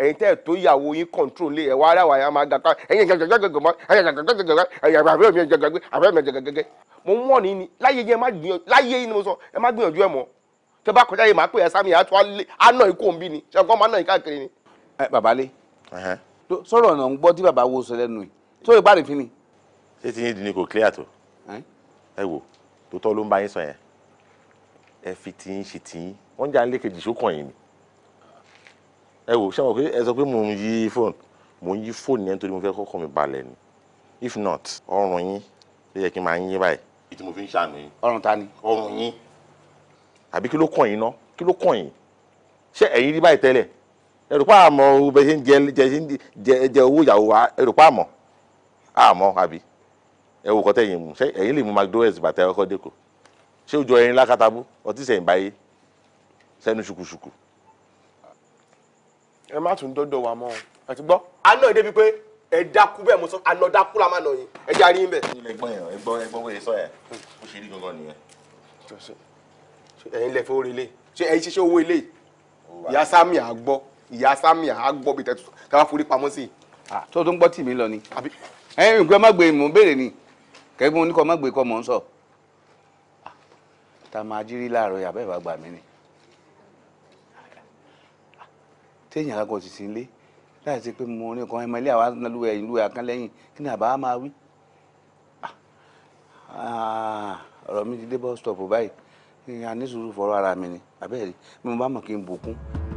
ẹ̀yin tẹ́ ẹ̀ tó ìyàwó yín control lé ẹ̀wọ́ ara wàyà máa gàkà ẹ̀yin gàgàgàgàgà mọ́ sọ̀rọ̀ ọ̀nà ń gbọ́ tí bàbá wo sọ lẹ́nu yìí tó ìbá rè fín ni. ṣé ti yín di ni kò clear tó ẹ wò tó tọ́ ló ń bá yín sọ yẹn ẹ fi tiyín ṣe tiyín wọ́n jà ń lé kejì sókàn yìí ni ẹ wò ṣé wọn pé ẹ sọ pé mò ń yí fóònù mò ń yí fóònù yẹn nítorí mo fẹ́ kọ́kọ́ mi balẹ̀ ni if not ọrùn yín ló yẹ kí n máa yín báyìí ìtí mo fi ń ṣàánú yín. ọrùn ta ni. ọrùn yín àbí kí ló kàn yín ná kí ló kàn yín ṣé ẹ̀yin rí báyìí tẹ́lẹ̀ ẹrùpá àmọ́ bẹ ṣe ń jẹ ṣe ń jẹ owó ìyàwó wa ẹrùpá àmọ́ àmọ́ àbí ẹ wò kọtẹ yìí mú ṣe ẹ̀yin lè mú McDonald's bàtà ọkọ dẹkọ ṣé ojú ẹyin lákàtàbú ọtí sẹyìn báyé sẹnu ṣùkùṣùkù. ẹ má tún dọdọ wa mọ́ ẹ ti gbọ́. àná èdè bíi pé ẹ dákú bẹ́ẹ̀ mo sọ àná dákú la máa nà yín ẹ jẹ àárín bẹ́ẹ̀. ilé ẹ̀gbọ́n yẹn ẹ̀gbọ́n ẹ̀gbọ́n wẹrẹ sọ yẹn ó ṣe rí gangan nìyẹn. ẹ̀yin lẹ fowó relé ṣé ẹ̀yin ṣiṣẹ́ owó ilé ìyá sami àgbọ ìyá samia á gbọ́ bí tẹ̀tù káwá forí pamọ́ sí i. tó tó ń gbọ́ tì mí lọ ni ẹ̀yin nǹkan má gbé mò ń béèrè ni kẹ́gbọ́n oníkọ́ má gbé kọ́ mò ń sọ. ta máa jírí láàárọ̀ yàbẹ́ ìwà gbà mí ni. téèyàn kankan sì sí ilé láti ṣe pé mo ní kan ẹmọ ilé àwa lu ẹ̀yìn lu ẹ̀kan lẹ́yìn kí ni àbá máa wí. ọ̀rọ̀ mi ti dé bus stop báyìí a ní sùúrù fọ́rọ̀ ara mi ni àbẹ́ẹ̀rí mo bá mọ̀ kí n bùkún.